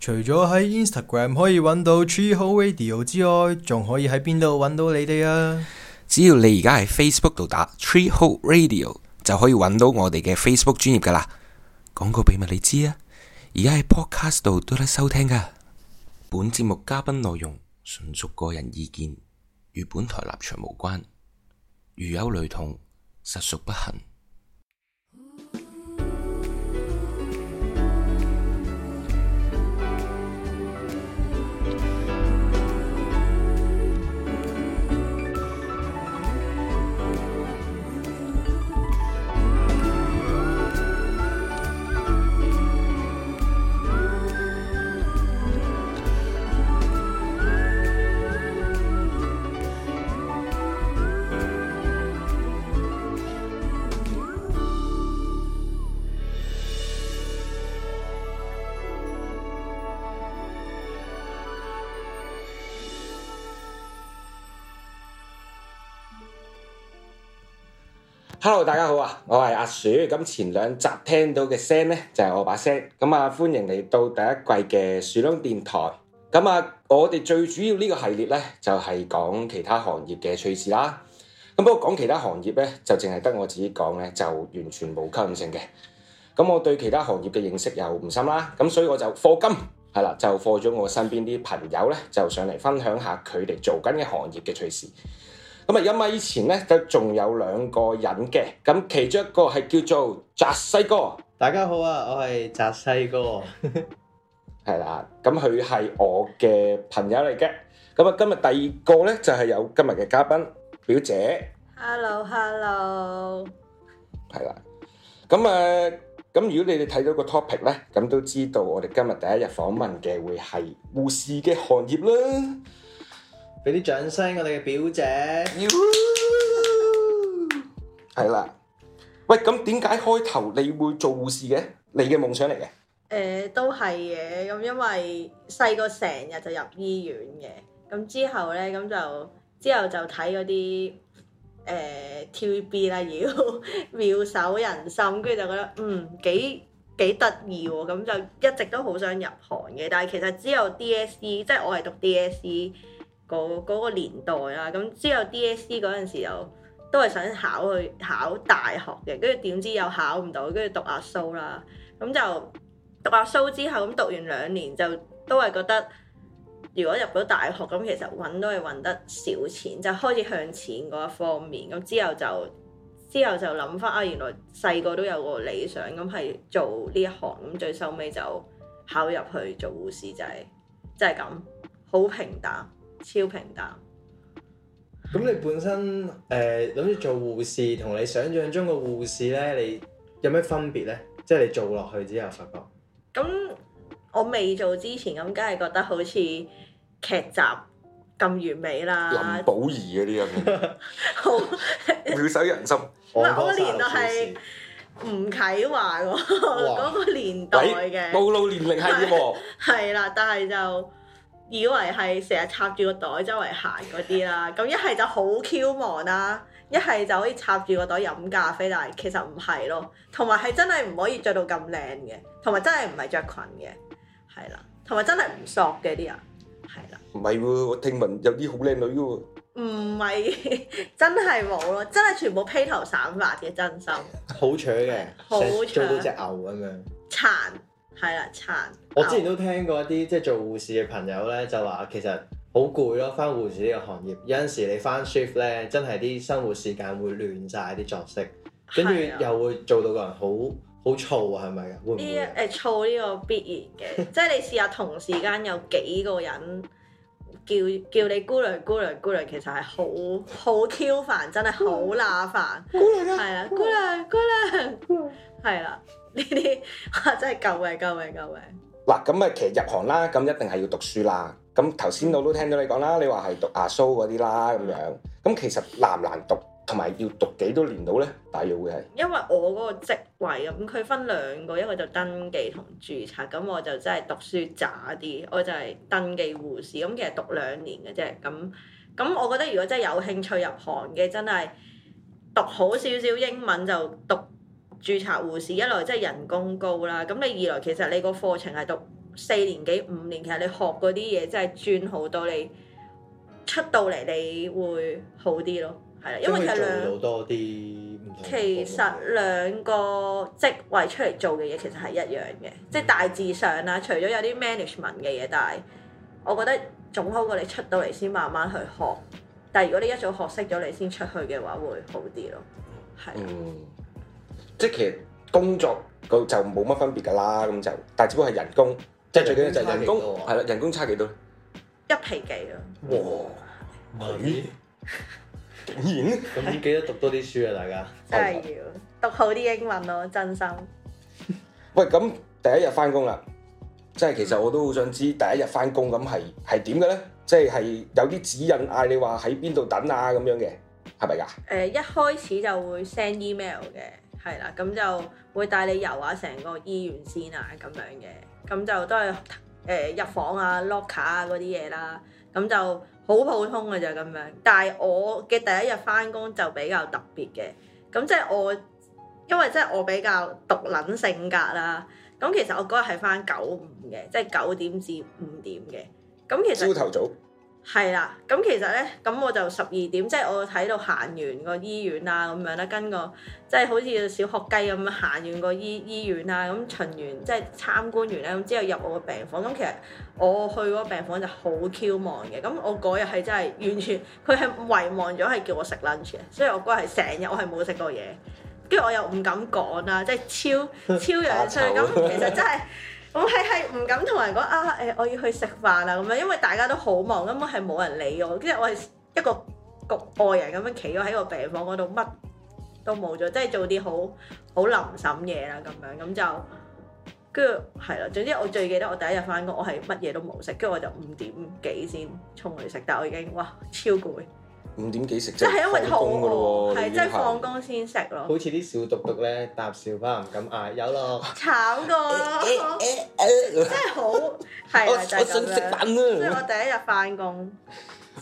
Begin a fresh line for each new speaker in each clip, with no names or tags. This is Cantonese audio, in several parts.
除咗喺 Instagram 可以揾到 Treehole Radio 之外，仲可以喺邊度揾到你哋啊？只要你而家喺 Facebook 度打 Treehole Radio
就可以揾到我哋嘅 Facebook 專頁㗎喇。講個秘密你知啊，而家喺 Podcast 度都得收聽㗎。本節目嘉賓內容純屬個人意見，與本台立場無關。如有雷同，實屬不幸。Hello，大家好啊！我係阿鼠，咁前兩集聽到嘅聲咧就係我把聲，咁啊歡迎嚟到第一季嘅鼠窿電台，咁啊我哋最主要呢個系列咧就係講其他行業嘅趣事啦，咁不過講其他行業咧就淨係得我自己講咧就完全冇吸引性嘅，咁我對其他行業嘅認識又唔深啦，咁所以我就課金係啦，就課咗我身邊啲朋友咧就上嚟分享下佢哋做緊嘅行業嘅趣事。咁啊，因為以前咧，就仲有兩個人嘅，咁其中一個係叫做扎西哥。大家好啊，我係扎西哥，係啦。咁佢係我嘅朋友嚟嘅。咁啊，今日第二個咧就係有今日嘅嘉賓表姐。
Hello，Hello。
係啦。咁啊，咁如果你哋睇到個 topic 咧，咁都知道我哋今日第一日訪問嘅會係護士嘅行業啦。俾啲掌聲，我哋嘅表姐。係啦， 喂，咁點解開頭你會做護士嘅？你嘅夢想嚟嘅？
誒、呃，都係嘅。咁因為細個成日就入醫院嘅，咁之後咧，咁就之後就睇嗰啲誒 TVB 啦，妖妙手仁心，跟住就覺得嗯幾幾得意喎，咁就一直都好想入行嘅。但係其實只有 DSE，即係我係讀 DSE。嗰個年代啦，咁之後 D.S.C 嗰陣時又都係想考去考大學嘅，跟住點知又考唔到，跟住讀阿蘇啦。咁就讀阿蘇之後，咁讀完兩年就都係覺得，如果入唔到大學，咁其實揾都係揾得少錢，就開始向錢嗰一方面。咁之後就之後就諗翻啊，原來細個都有個理想，咁係做呢一行。咁最收尾就考入去做護士仔，即係，係就係咁，好平淡。超平淡。
咁你本身誒諗住做護士，同你想像中個護士咧，你有咩分別咧？即係你做落去之後發覺。
咁我未做之前，咁梗係覺得好似劇集咁完美啦。林
保怡嗰啲咁嘅。好妙手仁心。嗱，我個年代
係吳啟華嗰嗰個年代嘅。暴露年齡係點喎？係啦，但係就。以為係成日插住個袋周圍行嗰啲啦，咁一係就好 Q 忙啦，啊，一係就可以插住個袋飲咖啡，但係其實唔係咯，同埋係真係唔可以着到咁靚嘅，同埋真係唔係着裙嘅，係啦，同埋真係唔索嘅啲人，係
啦。唔係喎，我聽聞有啲好靚女
喎。唔係不是， 真係冇咯，真係全部披頭散髮嘅，真心。
好長嘅，好長，做嗰隻牛
咁樣。殘。係啦，殘。我之前都
聽過一啲即係做護士嘅朋友咧，就話其實好攰咯，翻護士呢個行業，有陣時你翻 shift 咧，真係啲生活時間會亂晒啲作息，跟住又會做到個人好好躁，啊，係咪啊？會唔會？
誒躁，呢個必然嘅，即係你試下同時間有幾個人叫叫你姑娘姑娘姑娘，其實係好好挑煩，真係好麻煩。姑娘啦，係啊、哎，姑娘姑娘係啦。呢啲哇真係救命救命救命！
嗱咁啊，其實入行啦，咁一定係要讀書啦。咁頭先我都聽到你講啦，你話係讀阿蘇嗰啲啦咁樣。咁其實難唔難讀？同埋要讀幾多年到咧？大約會係
因為我嗰個職位咁，佢分兩個，一個就登記同註冊。咁我就真係讀書渣啲，我就係登記護士。咁其實讀兩年嘅啫。咁咁，我覺得如果真係有興趣入行嘅，真係讀好少少英文就讀。註冊護士一來即係人工高啦，咁你二來其實你個課程係讀四年幾五年，其實你學嗰啲嘢真係轉好多。你出到嚟，你會好啲咯。係啊，因為其實兩多啲。其實兩個職位出嚟做嘅嘢其實係一樣嘅，嗯、即係大致上啦。除咗有啲 management 嘅嘢，但係我覺得總好過你出到嚟先慢慢去學。但係如果你一早學識咗，你先出去嘅話，會好啲咯。係、啊。嗯
即係其實工作就冇乜分別噶啦，咁就但只不過係人工，
即係最緊要就係人工，
係啦、啊，人工差多幾多？
一皮幾啊？哇，
你米竟然咁 你記得多讀多啲書啊，大家真係
要讀好啲英文咯，真心。
喂，咁第一日翻工啦，即係 其實我都好想知第一日翻工咁係係點嘅咧？即係係有啲指引嗌你話喺邊度等啊咁樣嘅，係咪噶？
誒、呃，一開始就會 send email 嘅。係啦，咁就會帶你遊下成個醫院先啊，咁樣嘅，咁就都係誒入房啊、lock 卡、er、啊嗰啲嘢啦，咁就好普通嘅啫咁樣，樣。但係我嘅第一日返工就比較特別嘅，咁即係我因為即係我比較獨撚性格啦，咁其實我嗰日係返九五嘅，即係九點至五點嘅，咁
其實朝頭早，早。
係啦，咁其實咧，咁我就十二點，即係我喺度行完個醫院啊咁樣咧，跟個即係好似小學雞咁行完個醫醫院啊，咁巡完即係參觀完咧，咁之後入我個病房。咁其實我去嗰個病房就好 Q 望嘅，咁我嗰日係真係完全佢係遺忘咗係叫我食 lunch 嘅，所以我嗰日係成日我係冇食過嘢，跟住我又唔敢講啦，即係超超樣衰咁，其實真係。我係係唔敢同人講啊！誒、呃，我要去食飯啊！咁樣，因為大家都好忙，根本係冇人理我。跟住我係一個局外人咁樣企咗喺個病房嗰度，乜都冇咗，即係做啲好好臨審嘢啦咁樣，咁就跟住係啦。總之我最記得我第一日返工，我係乜嘢都冇食，跟住我就五點幾先衝去食，但我已經哇超攰。
五點幾食即係因為肚餓，係即係放工
先食咯。好
似啲小毒毒咧，搭小巴唔敢嗌，有咯。
慘過，即係
好，
係我想食飯啊！即係我第一日翻工，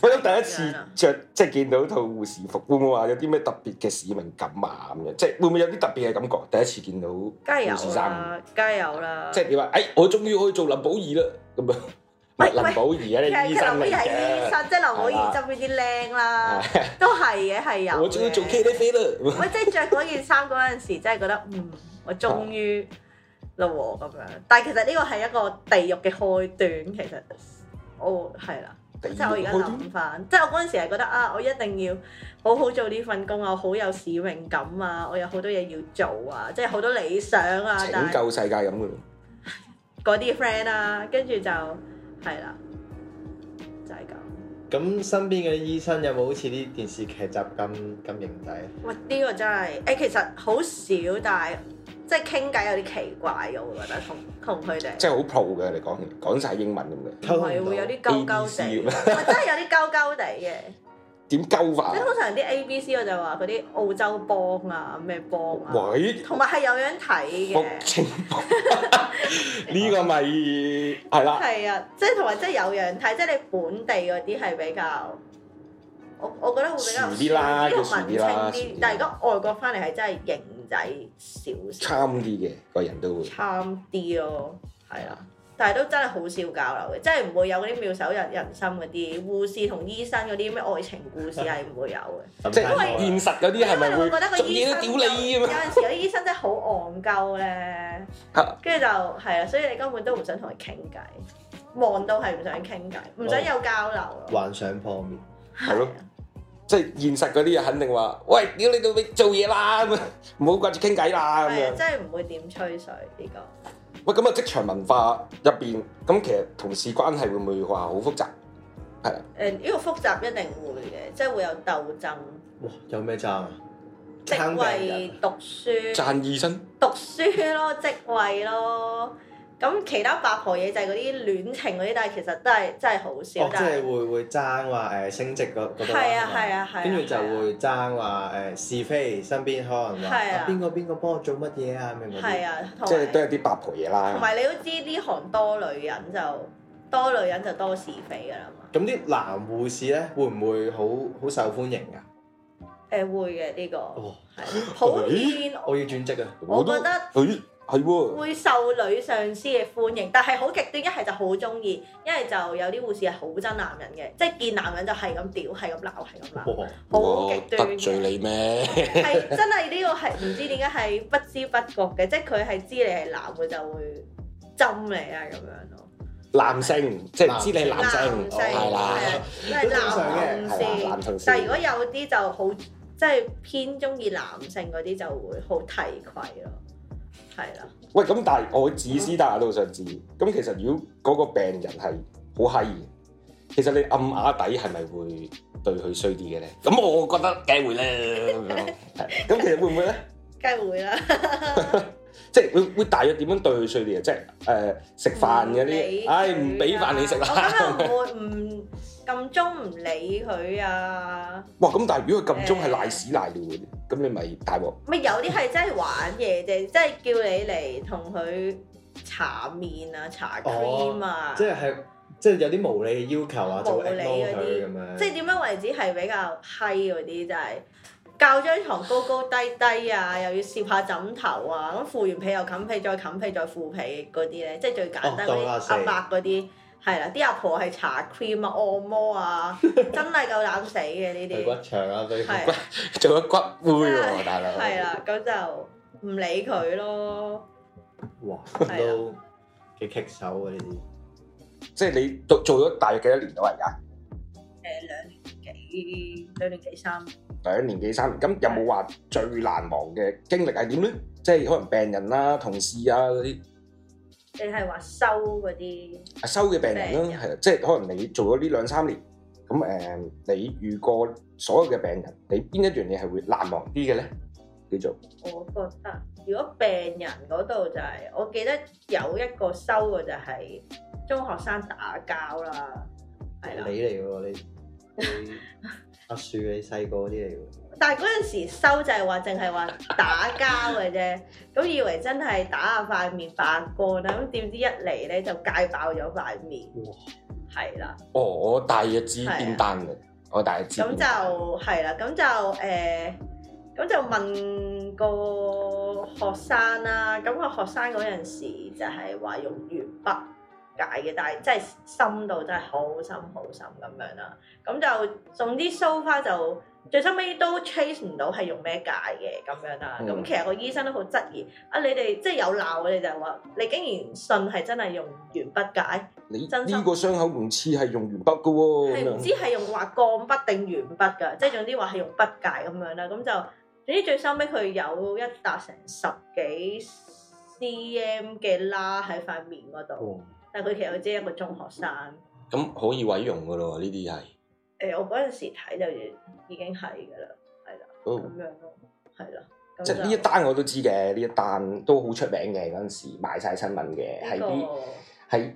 我第一次
着，即係見到套護士服，會唔會話有啲咩特別嘅使命感啊？咁樣即係會唔會有啲特別嘅感覺？第一次見到護士衫，梗有！
梗有，啦。即
係你話，哎，我終於可以做林保怡啦咁樣。唔係林保怡啊！你其實林保怡係醫生，的
即係林保怡側邊啲僆啦，的都係嘅，係有。我仲要做 Katie Taylor。即係著嗰件衫嗰陣時， 即係覺得嗯，我終於啦喎咁樣。但係其實呢個係一個地獄嘅開端，其實哦，係啦。即係我而家諗翻，即係我嗰陣時係覺得啊，我一定要好好做呢份工啊，我好有使命感啊，我有好多嘢要做啊，即係好多理想啊。拯救世界咁嘅。嗰啲 friend 啊，跟住就。係啦，就係、是、
咁。咁身邊嘅醫生有冇好似啲電視劇集咁咁型仔？
喂，呢、這個真係誒、欸，其實好少，但係即係傾偈有啲奇怪嘅，我覺
得同同佢哋。即係好 pro 嘅，
你講講晒英文咁嘅。唔係會有啲鳩鳩地，
真係有啲鳩鳩地嘅。
點鳩法？即係
通常啲 A B C 我就話嗰啲澳洲幫啊咩幫啊，同埋係有樣睇嘅。清
幫呢情 個咪係啦。係、
嗯、了啊，即係同埋即係有樣睇，即係你本地嗰啲係比較，我我覺得會比較淳啲啦，比較文青啲。但係而家外國翻嚟係真係型仔少啲。
參啲嘅個人都會
參啲咯，係啊。但係都真係好少交流嘅，真係唔會有嗰啲妙手仁心嗰啲護士同醫生嗰啲咩愛情故事，係唔會有嘅，即係現實嗰啲係咪會覺得做嘢都屌你咁，有陣時嗰啲醫生真係好戇鳩咧，跟住就係啊，所以你根本都唔想同佢傾偈，望到係唔想傾偈，唔想有交流。
幻想方面係
咯，即係現實嗰啲啊，肯定話喂，屌你到你做嘢啦，唔好掛住傾偈啦咁樣，真係
唔會點吹水呢個。
喂，咁啊，職場文化入邊，咁其實同事關係會唔會話好複雜？係啊。誒，呢
個複雜一定會嘅，即係
會有鬥爭。哇！有咩爭啊？職
位、賺讀書、賺醫生、讀書咯，職位咯。咁其他八婆嘢就係嗰啲戀情嗰啲，但係其實都係真係好少。即係
會會爭話誒升職嗰嗰度啊嘛，跟住就會爭話誒是非，身邊可能話邊個邊個幫我做乜嘢啊？咩
嗰啲，即係
都有啲八婆嘢啦。同埋
你都知呢行多女人就多女人就多是非㗎
啦嘛。咁啲男護士咧會唔會好好受歡迎㗎？誒
會嘅，呢個係好，
我要轉職啊！我覺得。係喎，
會受女上司嘅歡迎，但係好極端。一係就好中意，一係就有啲護士係好憎男人嘅，即係見男人就係咁屌，係咁鬧，係咁鬧，
好哇極端。得罪你咩？係 Okay, 真
係呢個係唔知點解係不知不覺嘅，即係佢係知你係男嘅就會針你啊咁樣咯。
男性即係知你男性，係啦是，係男性先。
但係如果有啲就好，即、就、係、是、偏中意男性嗰啲，就會好提攜咯。係
啦，喂，咁但係我自私，大家都想知。咁、哦、其實如果嗰個病人係好閪嘅，其實你暗啞底係咪會對佢衰啲嘅咧？咁我覺得梗係會咧。咁、 嗯、其實會唔會咧？
梗係會啦。
即係會會大約點樣對佢衰啲啊？即係誒食飯嗰啲，唉，唔俾飯你食啦。我會唔
咁中唔
理佢啊？哇！咁但係如果佢咁中係賴屎賴尿咁你咪大鑊？
咪、嗯、有啲係真係玩嘢啫，即係 叫你嚟同佢搽面啊、搽 cream 啊，
哦、即係即係有啲無理嘅要求啊，無理嗰啲咁樣，即係
點樣為止係比較閪嗰啲，就係、是、教張床，高高低低啊， 又要攝下枕頭啊，咁敷完被又冚被，再冚被再敷被嗰啲咧，即係最簡單嗰啲、哦、阿伯嗰啲。係啦，啲阿婆
係搽 cream 啊、按摩啊，真係夠膽死嘅呢啲。骨長啊，俾骨做咗骨灰喎，大佬。係啦，咁就
唔理佢咯。哇，係
都幾棘手啊呢啲。
即係你做做咗大約幾多年到啊？而家。誒兩年幾，兩年幾
三。
兩年幾三年，咁有冇話最難忘嘅經歷係點咧？即係可能病人啦、同事啊嗰啲。
定係話收
嗰啲？收嘅病人咯，係，即係可能你做咗呢兩三年，咁誒，你遇過所有嘅病人，你邊一樣嘢係會難忘啲嘅咧？叫做
我覺得，如果病人嗰度就係，我記得有一個收嘅就係中學生打交啦，
係啦。你嚟喎你？阿樹你細個
啲嚟，但係嗰陣時收就係話淨係話打交嘅啫，咁 以為真係打下塊面扮過，咁點知一嚟咧就戒爆咗塊面，係啦哇。了哦，
我大約知邊單嘅，啊、我大約知。咁
就係啦，咁就誒，咁、呃、就問個學生啦，咁、嗰個學生嗰陣時就係話用鉛筆。戒嘅，但係真係深度真係好深好深咁樣啦。咁就總之 so far 就最收尾都 chase 唔到係用咩戒嘅咁樣啦。咁其實個醫生都好質疑啊！你哋即係有鬧你就，就係話你竟然信係真係用鉛筆戒，你呢心個
傷口唔似係用鉛筆嘅喎、哦，係唔知
係用話鋼筆定鉛筆㗎，即係總之話係用筆戒咁樣啦。咁就總之最收尾佢有一笪成十幾 cm 嘅拉喺塊面嗰度。哦。佢其實只
係一個中學生，咁可以毀容噶咯？呢啲係誒，我嗰陣時睇就已經
係噶啦，係啦，咁好樣，係啦。即係呢一
單我都知嘅，呢一單都好出名嘅嗰陣時，賣晒新聞嘅，係啲係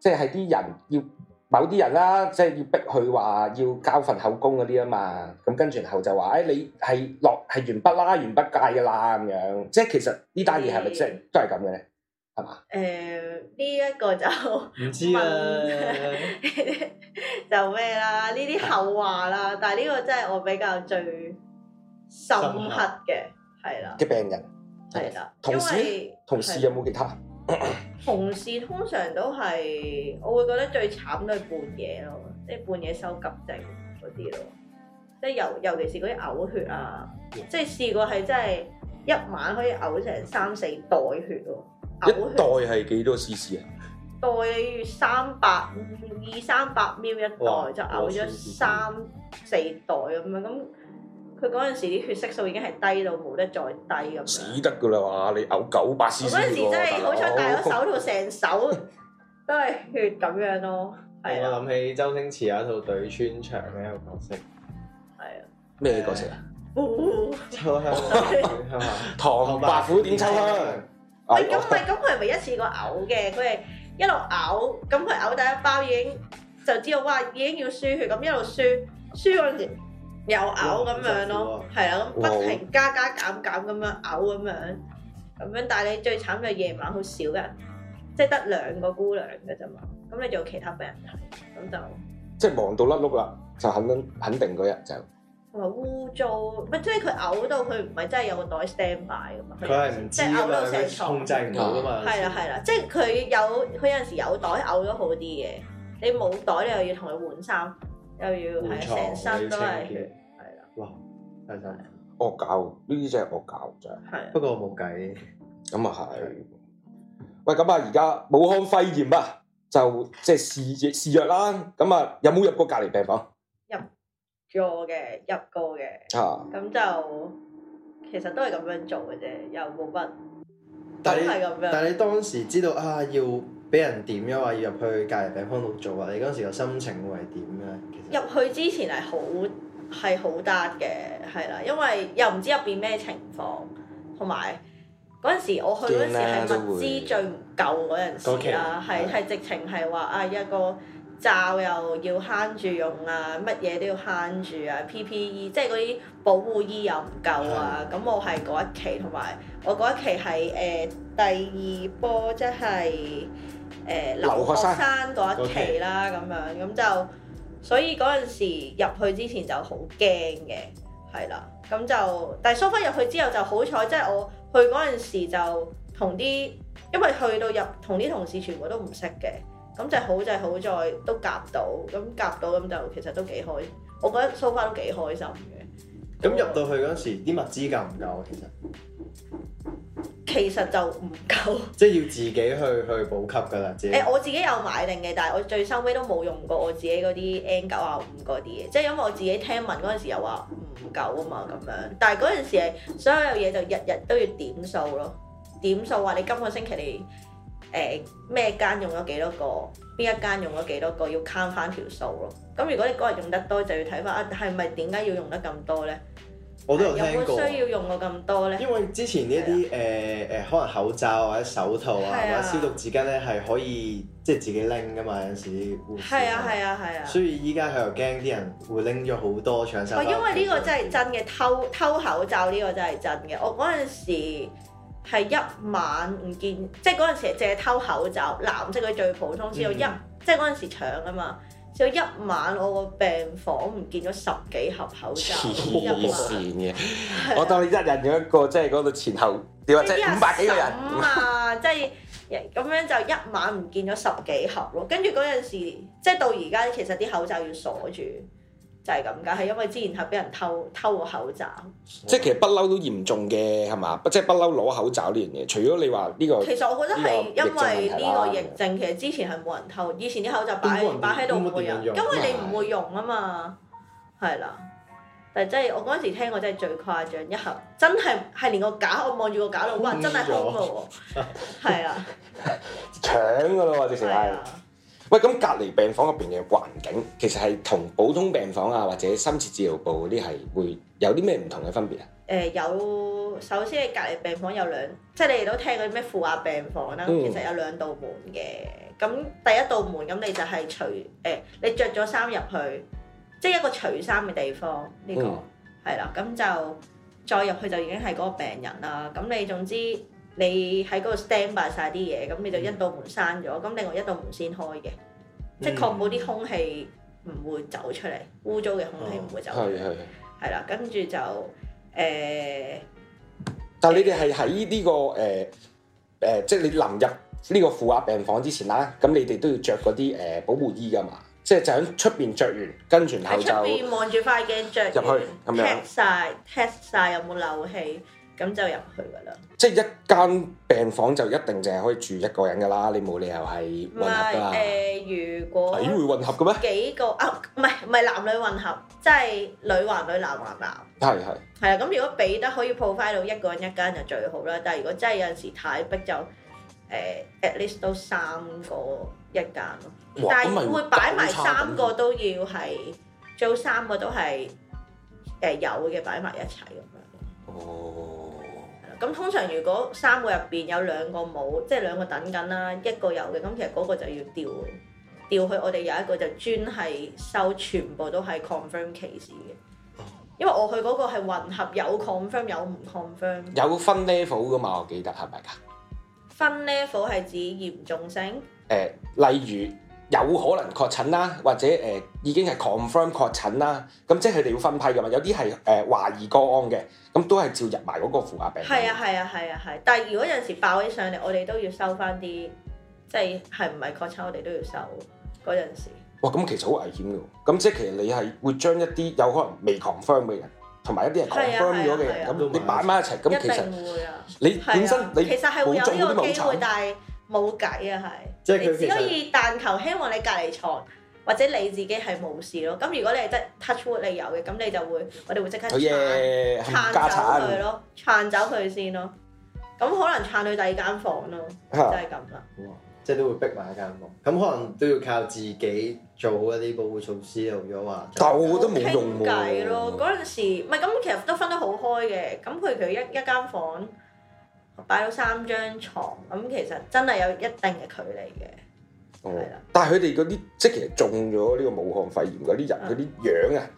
即係啲人要某啲人啦，啊，即、就、係、是、要逼佢話要交份口供嗰啲啊嘛。咁跟住然後就話誒、哎，你係落係完畢啦，完畢界噶啦咁樣。即係其實單是、就是、是呢單嘢係咪即係都係咁嘅咧？
誒，呢、呃、一個就唔
問知、啊、
就咩啦？呢啲後話啦。但係呢個真係我比較最深刻嘅係啦。
嘅病
人
係啦，因為的的同事
的有冇其他？
同事通常都係，我會覺得最慘都係半夜咯，即係半夜收急症嗰啲咯，即係尤尤其是嗰啲嘔血啊，即係試過係真係一晚可以嘔、呃、成三四袋血咯、啊。一
袋係幾多 CC 啊？
袋三百二三百 ml 一袋，就嘔咗三四袋咁樣。咁佢嗰陣時啲血色素已經係低到冇得再低咁。
死得噶啦！哇，你嘔九百 CC 嗰陣時真係是好彩，戴咗手
套成手都係血咁樣咯。我
諗、哦啊、起周星馳有一套對穿腸嘅一個角色，係啊，咩、啊、角色啊？香、哦哦、
唐伯虎點秋香。喂，
咁唔係，咁佢係咪一次過嘔嘅？佢係一路嘔，咁佢嘔第一包已經就知道，哇，已經要輸血，咁一路輸，輸嗰陣時又嘔咁樣咯，係、嗯、啊，咁的、啊、不停加加減減咁樣嘔咁樣，咁樣。但係你最慘就夜晚好少㗎，即係得兩個姑娘嘅啫嘛，咁你做其他病人睇，咁就
即係忙到甩碌啦，就肯肯定嗰日就。
唔係污糟，唔係即係佢嘔到佢唔係真係有
個袋 standby 噶嘛？佢係唔即係嘔到成床控制唔到噶嘛？係
啦，係啦，即係佢有佢有陣時有袋嘔咗好啲嘅，你冇袋
你又要同佢換衫，又要係成身都係，係啦，哇真係惡搞，呢啲真係惡搞真係，不過冇計。咁啊係，喂咁啊而家武漢肺炎啊，就即係試試藥啦。咁啊有冇入過隔離病房？
做嘅入過嘅，咁、啊、就其實都係咁樣做嘅啫，又冇乜都係咁樣。但你
當時知道啊，要俾人點啊，要入去隔離病房度做啊，你嗰陣時個心情會係點咧？
入去之前係好係好得嘅，係啦，因為又唔知入邊咩情況，同埋嗰陣時我去嗰時係物資最唔夠嗰陣時啊，係係直情係話啊一個。罩又要慳住用啊，乜嘢都要慳住啊，PPE 即係嗰啲保護衣又唔夠啊，咁、嗯、我係嗰一期同埋我嗰一期係誒、呃、第二波，即係誒留學生嗰一期啦，咁 Okay. 樣咁就所以嗰陣時入去之前就好驚嘅，係啦，咁就但係蘇芬入去之後就好彩，即、就、係、是、我去嗰陣時就同啲因為去到入同啲同事全部都唔識嘅。咁、嗯、就好就係好在都夾到，咁、嗯、夾到咁就其實都幾開，我覺得 so far 都幾開心嘅。
咁入到去嗰陣時，啲物資夠唔夠？其實
其實就唔夠，
即係要自己去去補給噶啦，自己、哎、我自
己有買定嘅，但係我最收尾都冇用過我自己嗰啲 N95 嗰啲嘢，即係因為我自己聽聞嗰陣時又話唔夠啊嘛咁樣，但係嗰陣時係所有嘢就日日都要點數咯，點數話你今個星期你。你你誒咩間用咗幾多個？邊一間用咗幾多個？要 count 翻條數咯。咁如果你嗰日用得多，就要睇翻啊，係咪點解要用得咁多咧？
有冇需要
用過咁多咧？因為之前呢一
啲誒誒，可能口罩或者手套啊，啊或者消毒紙巾咧，係可以即係自己拎噶嘛。有時係啊係啊係啊。啊啊啊所以依家佢又驚啲人會拎咗好多搶手。啊。因為呢個真係
真嘅，偷偷口罩呢個真係真嘅。我嗰陣時。係一晚唔見，即係嗰陣時淨係偷口罩，藍色嗰啲最普通，只有一，嗯、即係嗰陣時搶啊嘛，就一晚我個病房唔見咗十幾盒口罩啊嘛，我
當你一人用一個，即係嗰度前後，你話即係五百幾個人嘛，
即係咁樣就一晚唔見咗十幾盒咯，跟住嗰陣時，即係到而家其實啲口罩要鎖住。就係咁噶，係因為之前係俾人偷偷個口罩，
即係其實不嬲都嚴重嘅，係嘛？即係不嬲攞口罩呢樣嘢，除咗你話呢個其實我覺得係因為呢個疫
症，其實之前係冇人偷，以前啲口罩擺擺喺度冇人，人用因為你唔會用啊嘛，係啦、啊。但係即係我嗰陣時聽過，真係最誇張一盒，真係係連個假，我望住個假老闆，真係恐怖喎，係啊 了，
搶㗎啦喎，直情係。喂，咁隔離病房入邊嘅環境，其實係同普通病房啊，或者深切治療部嗰啲係會有啲咩唔同嘅分別啊？誒、
呃，有首先係隔離病房有兩，即係你哋都聽過咩負壓病房啦、啊，嗯、其實有兩道門嘅。咁第一道門咁你就係除誒，你着咗衫入去，即係一個除衫嘅地方。呢、呢個係啦，咁、嗯、就再入去就已經係嗰個病人啦。咁你總之。你喺嗰，stand by 晒啲嘢，咁你就一道門閂咗，咁另外一道門先開嘅，即係、嗯、確保啲空氣唔會走出嚟，污糟嘅空氣唔會走出嚟，係啦、哦，跟住就誒。呃、
但係你哋係喺呢個誒誒，即、呃、係、呃就係、你臨入呢個負壓病房之前啦，咁你哋都要着嗰啲誒保護衣噶嘛，即係就喺出邊着完，跟住然後就喺
出邊望住
塊鏡着入去，test
曬，test 曬有冇漏氣。咁就入去
噶啦，即係一間病房就一定淨係可以住一個人噶啦，你冇理由係混合噶。唔係
誒，如果幾會混合嘅咩？幾個啊，唔係唔係男女混合，即係女還女，男還男。係係係啊，咁如果俾得可以 provide 到一個人一間就最好啦，但係如果真係有陣時太逼就誒、呃，at least 都三個一間咯。嘩但係會擺埋三個都要係做、哦、三個都係誒有嘅擺埋一齊咁樣。哦。咁通常如果三個入邊有兩個冇，即係兩個等緊啦，一個有嘅，咁其實嗰個就要掉，掉去我哋有一個就專係收全部都係 confirm case 嘅，因為我去嗰個係混合有 confirm 有唔 confirm，
有分 level 㗎嘛，我記得係咪啊？是是
分 level 係指嚴重性？
誒，例如。有可能確診啦，或者誒已經係 confirm 確診啦，咁即係佢哋要分派㗎嘛。有啲係誒懷疑個案嘅，咁都係照入埋嗰個負壓病房。係啊，係
啊，係啊，係。但係如果有陣時爆起上嚟，我哋都要收翻啲，即係係唔係確診，我哋都要收嗰陣
時。哇！咁其實好危險嘅，咁即係其實你係會將一啲有可能未 confirm 嘅人，同埋一啲人 confirm 咗嘅人，咁你擺埋一齊，咁其實
你
本身你其實係會有呢個機會，但
係冇計啊，係。即係你只可以但求希望你隔離床，或者你自己係無事咯。咁如果你係得 touch wood 你有嘅，咁你就會我哋會即刻撐、oh yeah,
yeah, yeah, yeah. 撐走佢
家產 咯，撐走佢先咯。咁可能撐去第二間房咯，uh huh. 就係咁
啦。即係都會逼埋一間房，咁可能都要靠自己做好一啲保護措施，但我都用咗話傾偈咯。嗰
陣時咪咁，其實都分得好開嘅。咁佢佢一一間房間，擺咗三張床，咁其實真係有一定嘅距離
嘅，係
啦。但係佢哋嗰啲，即係其實中咗呢個武漢肺炎嗰啲人，嗰啲樣啊，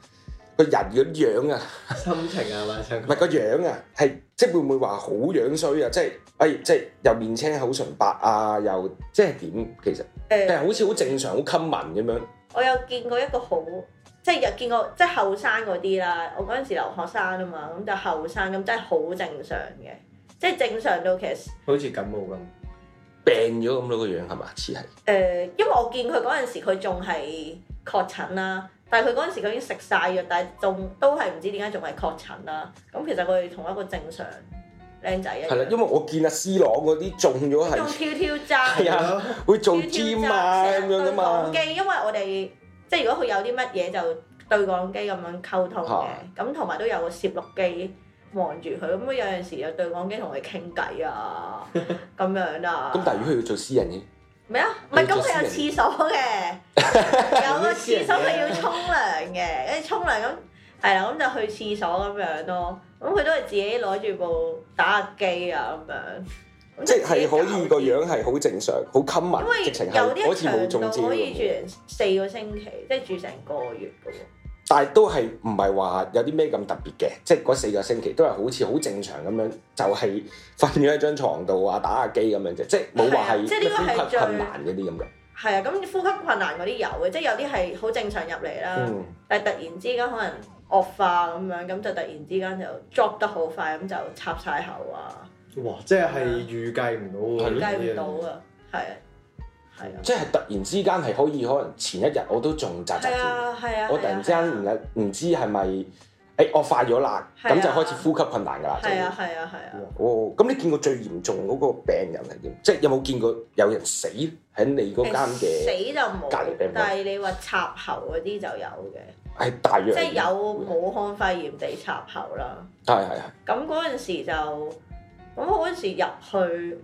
個人嗰啲樣啊，
心情啊，晚上
唔係個樣啊，係即係會唔會話好樣衰啊？即係誒，即係又面青口唇白啊，又即係點？其實誒，好似好正常，好襟民咁樣。
我有見過一個好，即係又見過即係後生嗰啲啦。我嗰陣時留學生啊嘛，咁就後生，咁真係好正常嘅。即係正常都其實，
好似感冒咁病咗咁多個樣係嘛？似係誒，
因為我見佢嗰陣時佢仲係確診啦，但係佢嗰陣時佢已經食晒藥，但係仲都係唔知點解仲係確診啦。咁其實佢同一個正常靚仔一樣。係啦，因
為我見阿 C 朗嗰啲中咗係。做
跳跳紮係啊，的會，
會做 gym 啊咁樣噶嘛。對講機，
因為我哋即係如果佢有啲乜嘢就對講機咁樣溝通嘅，咁同埋都有個攝錄機。望住佢，咁有陣時有對講機同佢傾偈啊，咁樣啊。咁但係
如果佢要做私人嘅
咩啊？唔係咁佢有廁所嘅，有個廁所佢要沖涼嘅，跟住沖涼咁係啦，咁就去廁所咁樣咯。咁佢都係自己攞住部打下機啊咁樣，即係可
以個樣係好正常，好襟民。因為有啲一長度可以住
四個星期，即係住成個月嘅。
但係都係唔係話有啲咩咁特別嘅，即係嗰四個星期都係好似好正常咁樣，就係瞓咗喺張床度啊，打下機咁樣啫，即係冇話係呼吸困難嗰啲咁噶。
係啊，咁呼吸困難嗰啲有嘅，即係有啲係好正常入嚟啦，但係突然之間可能惡化咁樣，咁就突然之間就作得好快，咁就插晒喉啊！
哇，即係預計唔到喎，預計唔到啊，係啊。係，即係突
然之間係可以可能前一日我都仲扎扎住，啊
啊啊、我突然
之間唔一唔知係咪，誒、哎、我發咗爛，咁、啊、就開始呼吸困難㗎啦。係啊係啊
係啊！
哦、啊，咁、啊、你見過最嚴重嗰個病人係點？即係有冇見過有人死喺你嗰間嘅隔離
病房？死就冇，但係你話插喉嗰啲就有
嘅。係大約，即係有
武漢肺炎地插喉啦。係係係。咁嗰陣時就，咁嗰陣時入去，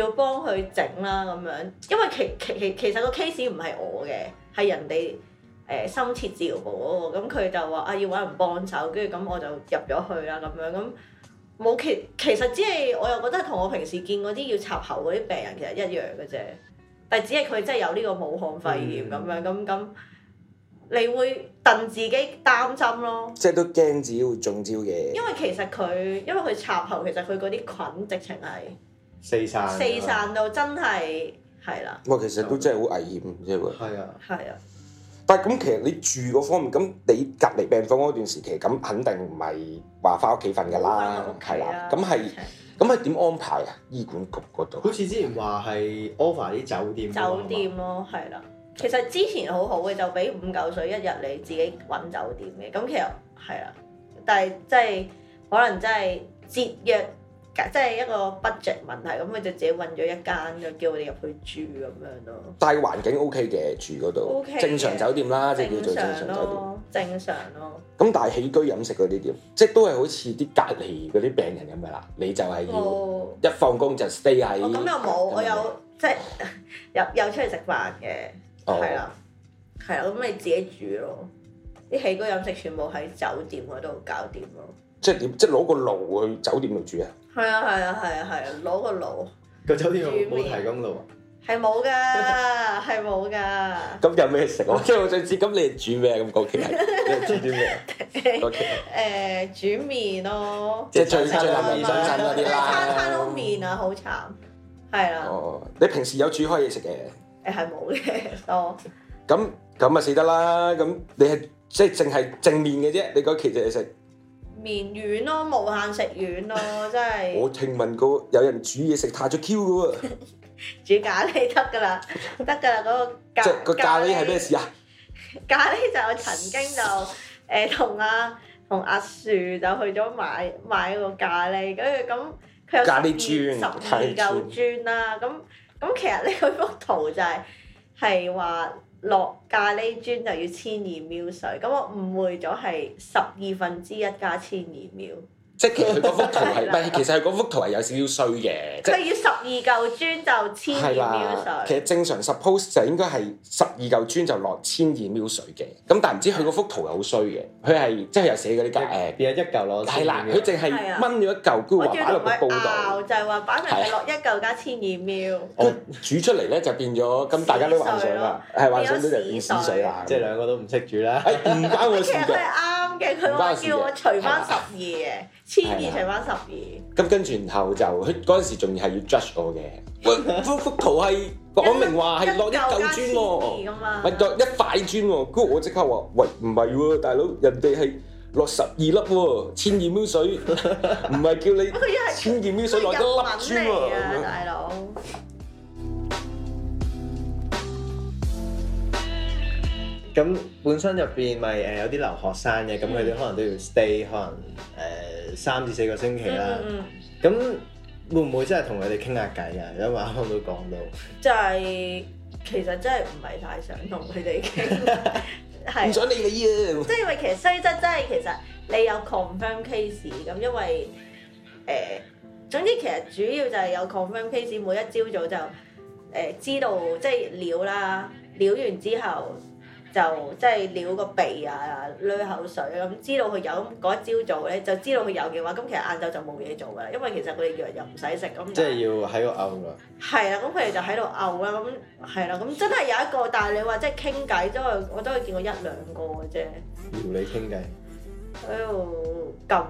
要幫佢整啦咁樣，因為其其其其實個 case 唔係我嘅，係人哋誒、呃、深切治療部嗰個，咁佢就話啊要搵人幫手，跟住咁我就入咗去啦咁樣，咁冇其其實只係我又覺得同我平時見嗰啲要插喉嗰啲病人其實一樣嘅啫，但係只係佢真係有呢個武漢肺炎咁、嗯、樣咁咁，你會戥自己擔心咯，
即係都驚自己會中招嘅，因為
其實佢因為佢插喉，其實佢嗰啲菌直情係。
四散、啊，四散
到真係係啦。
哇，其實都真係好危險，即係喎。係啊，
係啊的。
但係咁，其實你住嗰方面，咁你隔離病房嗰段時期，咁肯定唔係話翻屋企瞓㗎啦，係啦、啊。咁係，咁係
點安排啊？醫管局嗰度？ 好似之前話係 offer 啲酒店。的酒
店咯、啊，係啦的。其實之前好好嘅，就俾五嚿水一日你自己揾酒店嘅。咁其實係啊，但係即係可能真係節約。即係一個 budget 問題，咁佢就自己揾咗一
間，就叫我哋入去住咁樣咯。但係環境 OK 嘅，住嗰度，OK、的正常酒店啦，即係叫做正常酒店，正
常
咯。咁但係起居飲食嗰啲點？即係都係好似啲隔離嗰啲病人咁噶啦，你就係要一放工就 stay 喺、哦。咁又冇，我
有即係有有出去食飯嘅，係啦、哦，係啦，咁你自己煮咯。啲起居飲食全部喺酒店嗰度搞
掂咯。即係點？即係攞個爐去酒店度煮啊？係啊係啊係啊係啊，爐、
啊啊啊啊、個爐。個
酒店冇提供咁啊？係冇噶，係冇噶。咁有咩食啊？即係我想知。咁你煮咩咁？屋企係，煮啲咩？屋企，
誒煮麵咯。即係最最流離水產餐餐都麵啊，好慘。係
啦。哦，你平時有煮開嘢食嘅？誒，係冇嘅哦！咁咁啊，死得啦！咁你係即係淨係正面嘅啫？你個屋企嘢食。
麵丸咯，無限食丸咯，真係。我
聽聞過有人煮嘢食太咗 Q 㗎喎。
煮咖喱得㗎啦，得㗎啦嗰個咖喱。即係個咖喱係咩事啊？咖喱就曾經就誒同阿同阿樹就去咗買買個咖喱，跟住咁佢有二十二嚿磚啦。咁咁其實呢個幅圖就係。係話落咖喱磚就要千二秒水，咁我誤會咗係十二分之一加千二秒。
即係佢嗰幅圖係，唔其實佢嗰幅圖係有少少衰嘅。即係要十二
嚿磚就千二秒水。其實
正常 suppose 就應該係十二嚿磚就落千二秒水嘅。咁但係唔知佢嗰幅圖又好衰嘅。佢係即係又寫嗰啲格誒，變咗一嚿囉。係啦，佢淨係掹咗一嚿，跟住擺落個煲度，就係話擺埋落一嚿
加千二
秒。煮出嚟咧就變咗，咁大家都幻想啦，係幻想都就已經死水啦，即係兩個都唔識煮啦。唔關我事。其實係
啱嘅，佢話叫我除翻十二嘅。千二，
除翻十二。咁跟住，然後就佢嗰陣時仲係要 judge 我嘅。喂，幅幅圖係講明話係落一嚿磚喎，唔係一塊磚喎。咁我即刻話：喂，唔係喎，大佬，人哋係落十二粒喎，千二咪水，唔係叫你千二咪水落一粒
磚喎，大佬。
咁本身入邊咪誒有啲留學生嘅，咁佢哋可能都要 stay 可能誒、呃、三至四個星期啦、啊。咁、嗯嗯、會唔會真係同佢哋傾下偈啊？因為啱啱都講到，
就係、是、其實真係唔係太想同佢哋傾，係唔 是想理你啊！即係因為其實雖則真係其實你有 confirm case 咁，因為誒、呃、總之其實主要就係有 confirm case，每一朝早就誒、呃、知道即係、就是、了啦，了完之後。就即係撩個鼻啊，撩口水咁、嗯，知道佢有咁嗰一朝早咧，就知道佢有嘅話，咁其實晏晝就冇嘢做㗎啦，因為其實佢哋藥又唔使食咁樣，即係
要喺度嘔啦。
係啦，咁佢哋就喺度嘔啦，咁係啦，咁真係有一個，但係你話即係傾偈都係，我都係見過一兩個嘅啫。
撩你傾偈。
喺度咁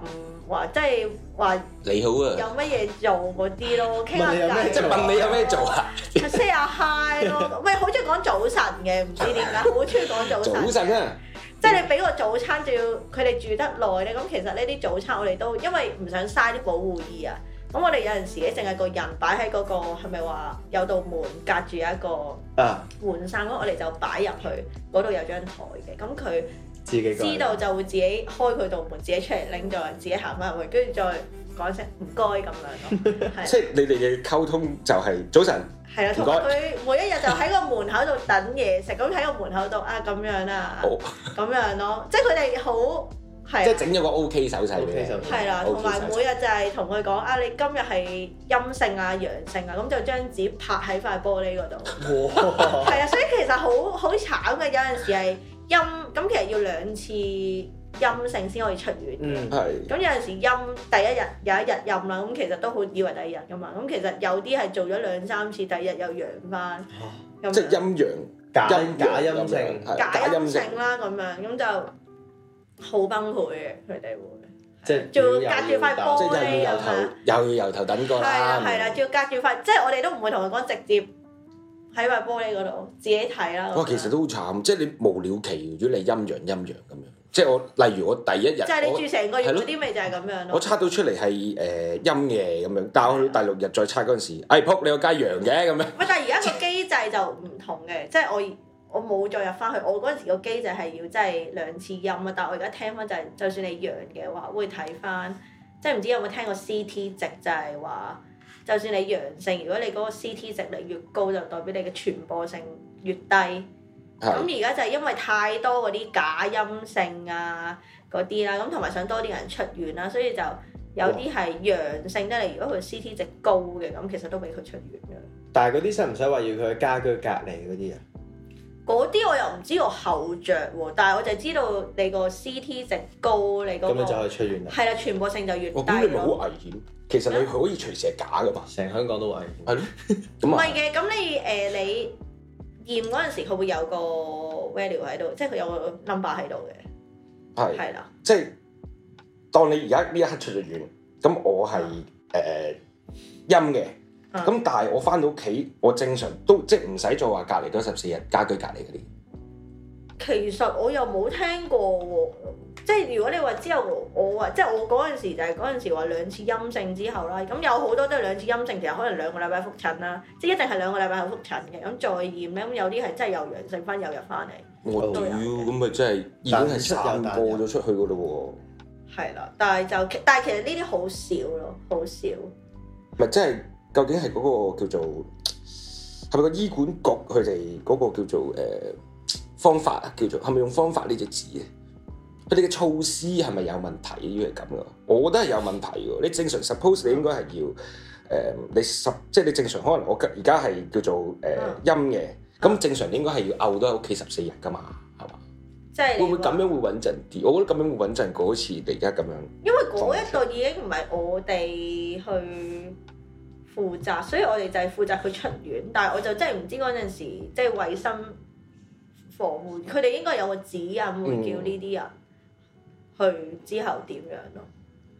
話，即係話你好啊，有乜嘢做嗰啲咯，傾下偈。問即問你有咩，即問你有咩做啊？Say a hi 咯，喂， 好中意講早晨嘅，唔知點解好中意講早晨。早晨啊！即係你俾個早餐，就要佢哋住得耐咧。咁其實呢啲早餐我哋都因為唔想嘥啲保護衣啊。咁我哋有陣時咧、那個，淨係個人擺喺嗰個係咪話有道門隔住一個換衫嗰，啊、我哋就擺入去嗰度有張台嘅。咁佢。知道就會自己開佢道門，自己出嚟拎咗，自己行翻入去，跟住再講聲唔該咁樣咯。即
係你哋嘅溝通就係早晨。係
啊，同佢每一日就喺個門口度等嘢食，咁喺個門口度啊咁樣啦，咁樣咯。即係佢哋好，
即係整咗個 OK 手勢嘅，係啦。同埋每日
就係同佢講啊，你今日係陰性啊、陽性啊，咁就將紙拍喺塊玻璃嗰度。
係
啊，所以其實好好慘嘅，有陣時係。陰咁其實要兩次陰性先可以出院。嗯，
係。咁有
陣時陰第一日有一日陰啦，咁其實都好以為第二日㗎嘛。咁其實有啲係做咗兩三次，第二日又陽翻。
即係陰陽假陰性，假陰性
啦咁樣，咁就好崩潰，佢哋
會。即係做隔住塊玻璃啊又要由頭等過啦，係啦，係啦，
就要隔住塊，即係我哋都唔會同佢講直接。喺塊玻璃嗰度自己睇啦。哇、哦，其實都
好慘，即係你無了期，如果你陰陽陰陽咁樣，即係我例如我第一日即係你住成個月嗰啲
咪就係咁樣咯。樣我
測到出嚟係誒陰嘅咁樣，但係我第六日再測嗰陣時，嗯、哎撲你個街陽嘅咁樣。
喂，但係而家個機制就唔同嘅，即係 我我冇再入翻去，我嗰陣時個機制係要真係兩次陰啊，但係我而家聽翻就係、是，就算你陽嘅話，會睇翻即係唔知有冇聽過 CT 值就係、是、話。就算你陽性，如果你嗰個 CT 值嚟越高，就代表你嘅傳播性越低。咁而家就係因為太多嗰啲假陰性啊，嗰啲啦，咁同埋想多啲人出院啦，所以就有啲係陽性得嚟，哇如果佢 CT 值高嘅，咁其實都俾佢出院
嘅。但係嗰啲使唔使話要佢喺家居隔離嗰啲啊？
嗰啲我又唔知道我後着喎，但係我就知道你個 CT 值高，你、個咁樣就可以出院啦。係啦，傳播性就越低。我覺得你咪好
危險。其實你可以隨時係
假㗎嘛，成香港都話係。係咯是的，
咁唔係嘅，咁你誒、呃、你驗嗰陣時佢會,會有個 value 喺度，即係佢有個 number 喺度嘅。係係啦，的
即
係當你而家呢一刻出咗院，咁我係誒陰嘅。嗯呃咁、嗯、但係我翻到屋企，我正常都即係唔使再話隔離多十四日家居隔離嗰啲。
其實我又冇聽過喎，即係如果你話之後我話，即係我嗰陣時就係嗰陣時話兩次陰性之後啦，咁有好多都係兩次陰性，其實可能兩個禮拜複診啦，即係一定係兩個禮拜後複診嘅。咁再驗咧，咁有啲係真係又陽性翻，又入翻嚟。
我屌，咁咪真係已經係散播咗出去噶咯
喎。係啦，但係就但係其實呢啲好少咯，好少。
咪真係。究竟係嗰個叫做係咪個醫管局佢哋嗰個叫做誒、呃、方法啊？叫做係咪用方法呢隻字啊？佢哋嘅措施係咪有問題？依、呃呃啊、家係咁噶，我覺得係有問題嘅。你正常 suppose 你應該係要誒，你十即係你正常可能我而家係叫做誒陰嘅，咁正常你應該係要漚多喺屋企十四日噶嘛，係嘛？即係
會唔會咁樣
會穩陣啲？我覺得咁樣會穩陣過好似你而家咁樣。
因為嗰一個已經唔係我哋去。負責，所以我哋就係負責佢出院，但係我就真係唔知嗰陣時即係衞生防護，佢哋應該有個指引會叫呢啲人，嗯、去之後點樣咯。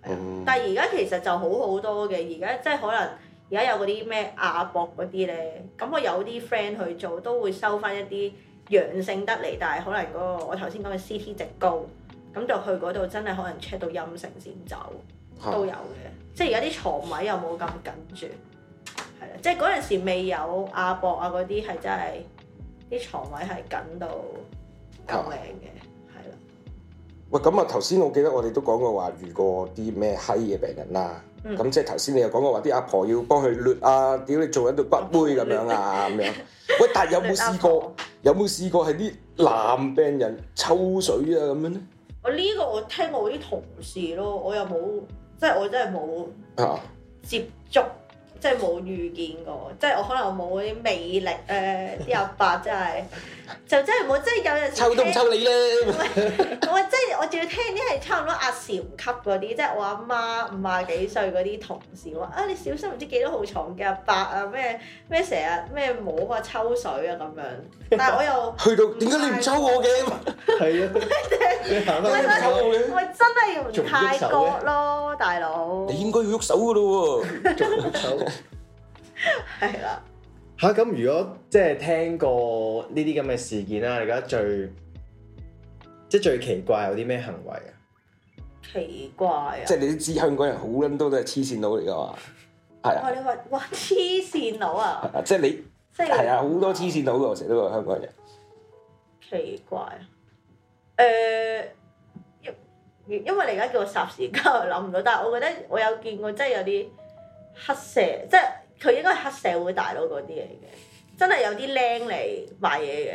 嗯、但係而家其實就好好多嘅，而家即係可能而家有嗰啲咩亞博嗰啲咧，咁我有啲 friend 去做都會收翻一啲陽性得嚟，但係可能嗰、嗰個我頭先講嘅 CT 值高，咁就去嗰度真係可能 check 到陰性先走。
都有
嘅，即係而家啲床位又冇咁緊住，係啊！即係嗰陣時未有阿博啊嗰啲，係真係啲床位係緊到咁靚嘅，係啦。
喂，咁啊頭先我記得我哋都講過話遇過啲咩閪嘅病人啦，咁、嗯、即係頭先你又講過話啲阿婆要幫佢掠啊，屌你做緊度骨灰咁樣啊咁、嗯樣、啊、樣。喂，但係有冇試過，有冇試過係啲男病人抽水啊咁樣
咧？我呢個我聽過啲同事咯，我又冇。即係我真係冇接觸。即係冇遇見過，即係我可能冇啲魅力咧，啲、呃、阿伯、伯真係就真係冇，即係有日抽都唔抽你咧。我即係我仲要聽啲係差唔多阿嫲級嗰啲，即係我阿媽五廿幾歲嗰啲同事話：啊，你小心唔知幾多號重嘅阿伯啊，咩咩成日咩摸啊抽水啊咁樣。但係我又
去到點解你唔抽我嘅？係 啊，
我真係要喐手咯，手大佬。你
應該要喐手㗎啦喎。 係啦，吓咁、啊、如果即係聽過呢啲咁嘅事件啦，你覺得最即係最奇怪有啲咩行為啊？奇怪啊！即係你都知香港人好捻多都係黐線佬嚟噶嘛？係啊！你話
哇黐線佬啊！即係你即係係啊！
好多黐線佬嘅。我成日都話香港人奇怪啊！誒、呃，
因因為你而家叫我霎時間諗唔到，但係我覺得我有見過真係有啲黑社。即係。佢應該係黑社會大佬嗰啲嚟嘅，真係有啲僆嚟買嘢嘅，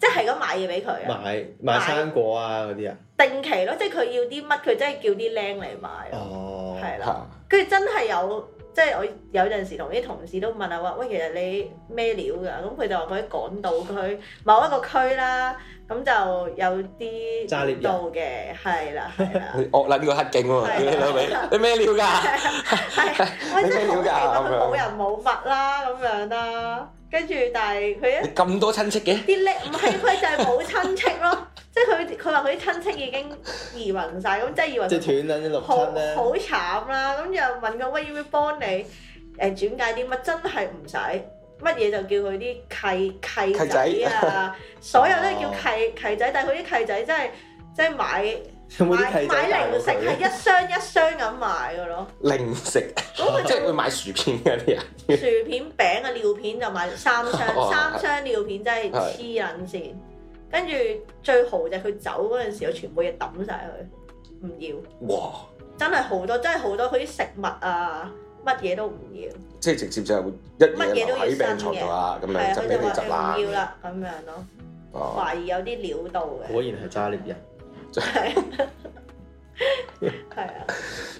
即係係咁買嘢俾佢，買
買生果啊嗰啲啊，人
些定期咯，即係佢要啲乜，佢真係叫啲僆嚟買哦，係啦的，跟住的真係有，即係我有陣時同啲同事都問啊，話喂，其實你咩料㗎？咁佢就話佢喺港島區某一個區啦。咁就有啲到嘅，係啦
烈，係啦。惡撚呢個黑警喎， 你老味、啊，你咩料㗎？係
咩料佢冇人冇物啦，咁樣啦、啊。跟住，但係佢一
咁多親戚
嘅，
啲叻唔係佢就係冇親戚咯。即係佢佢話佢啲親戚已經移雲晒，咁即係移雲。即係斷啦，呢度、啊，六親好慘啦！咁又問個威唔幫你誒轉介啲乜？真係唔使。乜嘢就叫佢啲契契仔啊？所有都叫契契仔，但係佢啲契仔真係真係買
買
零食係一
箱一箱咁買嘅咯，
零食。咁佢即係會買薯片嘅啲人。
薯片餅嘅尿片就買三箱，三箱尿片真係黐撚線。跟住最豪就係佢走嗰陣時，我全部嘢抌晒佢，唔要。哇！真係好多，真係好多，佢啲食物啊～乜嘢都
唔要，即係直接就一嘢喺病床度啦，咁咪就嚟集攬啦，咁樣咯，懷疑有啲
料到，果然
係揸 fit 人，就係，係啊，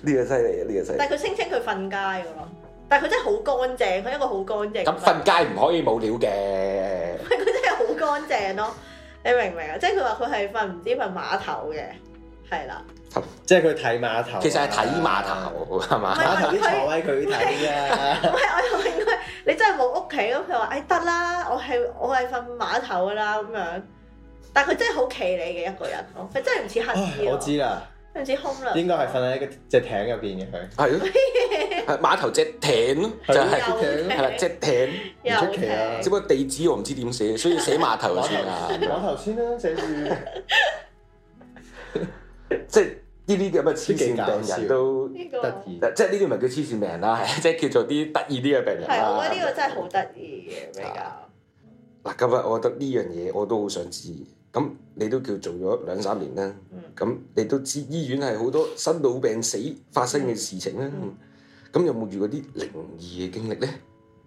呢個犀利啊，呢個犀利，但係佢
聲稱佢瞓街噶咯，但係佢真係好乾淨，佢一個好乾淨，咁瞓
街唔可以冇料嘅，
佢真係好乾淨咯，你明唔明啊？即係佢話佢係瞓唔知瞓碼頭嘅。係
啦，即係佢睇碼頭，其實係睇碼頭係嘛？碼頭坐喺佢睇啊！唔係，我又應該，
你真係冇屋企咯佢話，哎得啦，我係我係瞓碼頭噶啦咁樣。但係佢真係好奇你嘅一個人，佢真係唔似黑子，我
知啦，唔
似空啦。應該係
瞓喺一個隻艇入邊嘅佢，
係咯，係
碼頭隻
艇咯，係遊艇，係啦隻艇，出奇啊！只不過地址我唔知點寫，所以寫碼頭先啦，碼
頭先啦，寫住。
即係呢啲咁嘅痴線病人都得意，即係呢啲唔係叫痴線病人啦， 即係叫做啲得意啲嘅病人係，我覺得呢個
真係好得意
嘅比較。嗱、 啊，今日我覺得呢樣嘢我都好想知。咁你都叫做咗兩三年啦，咁、嗯、你都知醫院係好多生老病死發生嘅事情啦。咁、嗯、有冇遇過啲靈異嘅經歷咧？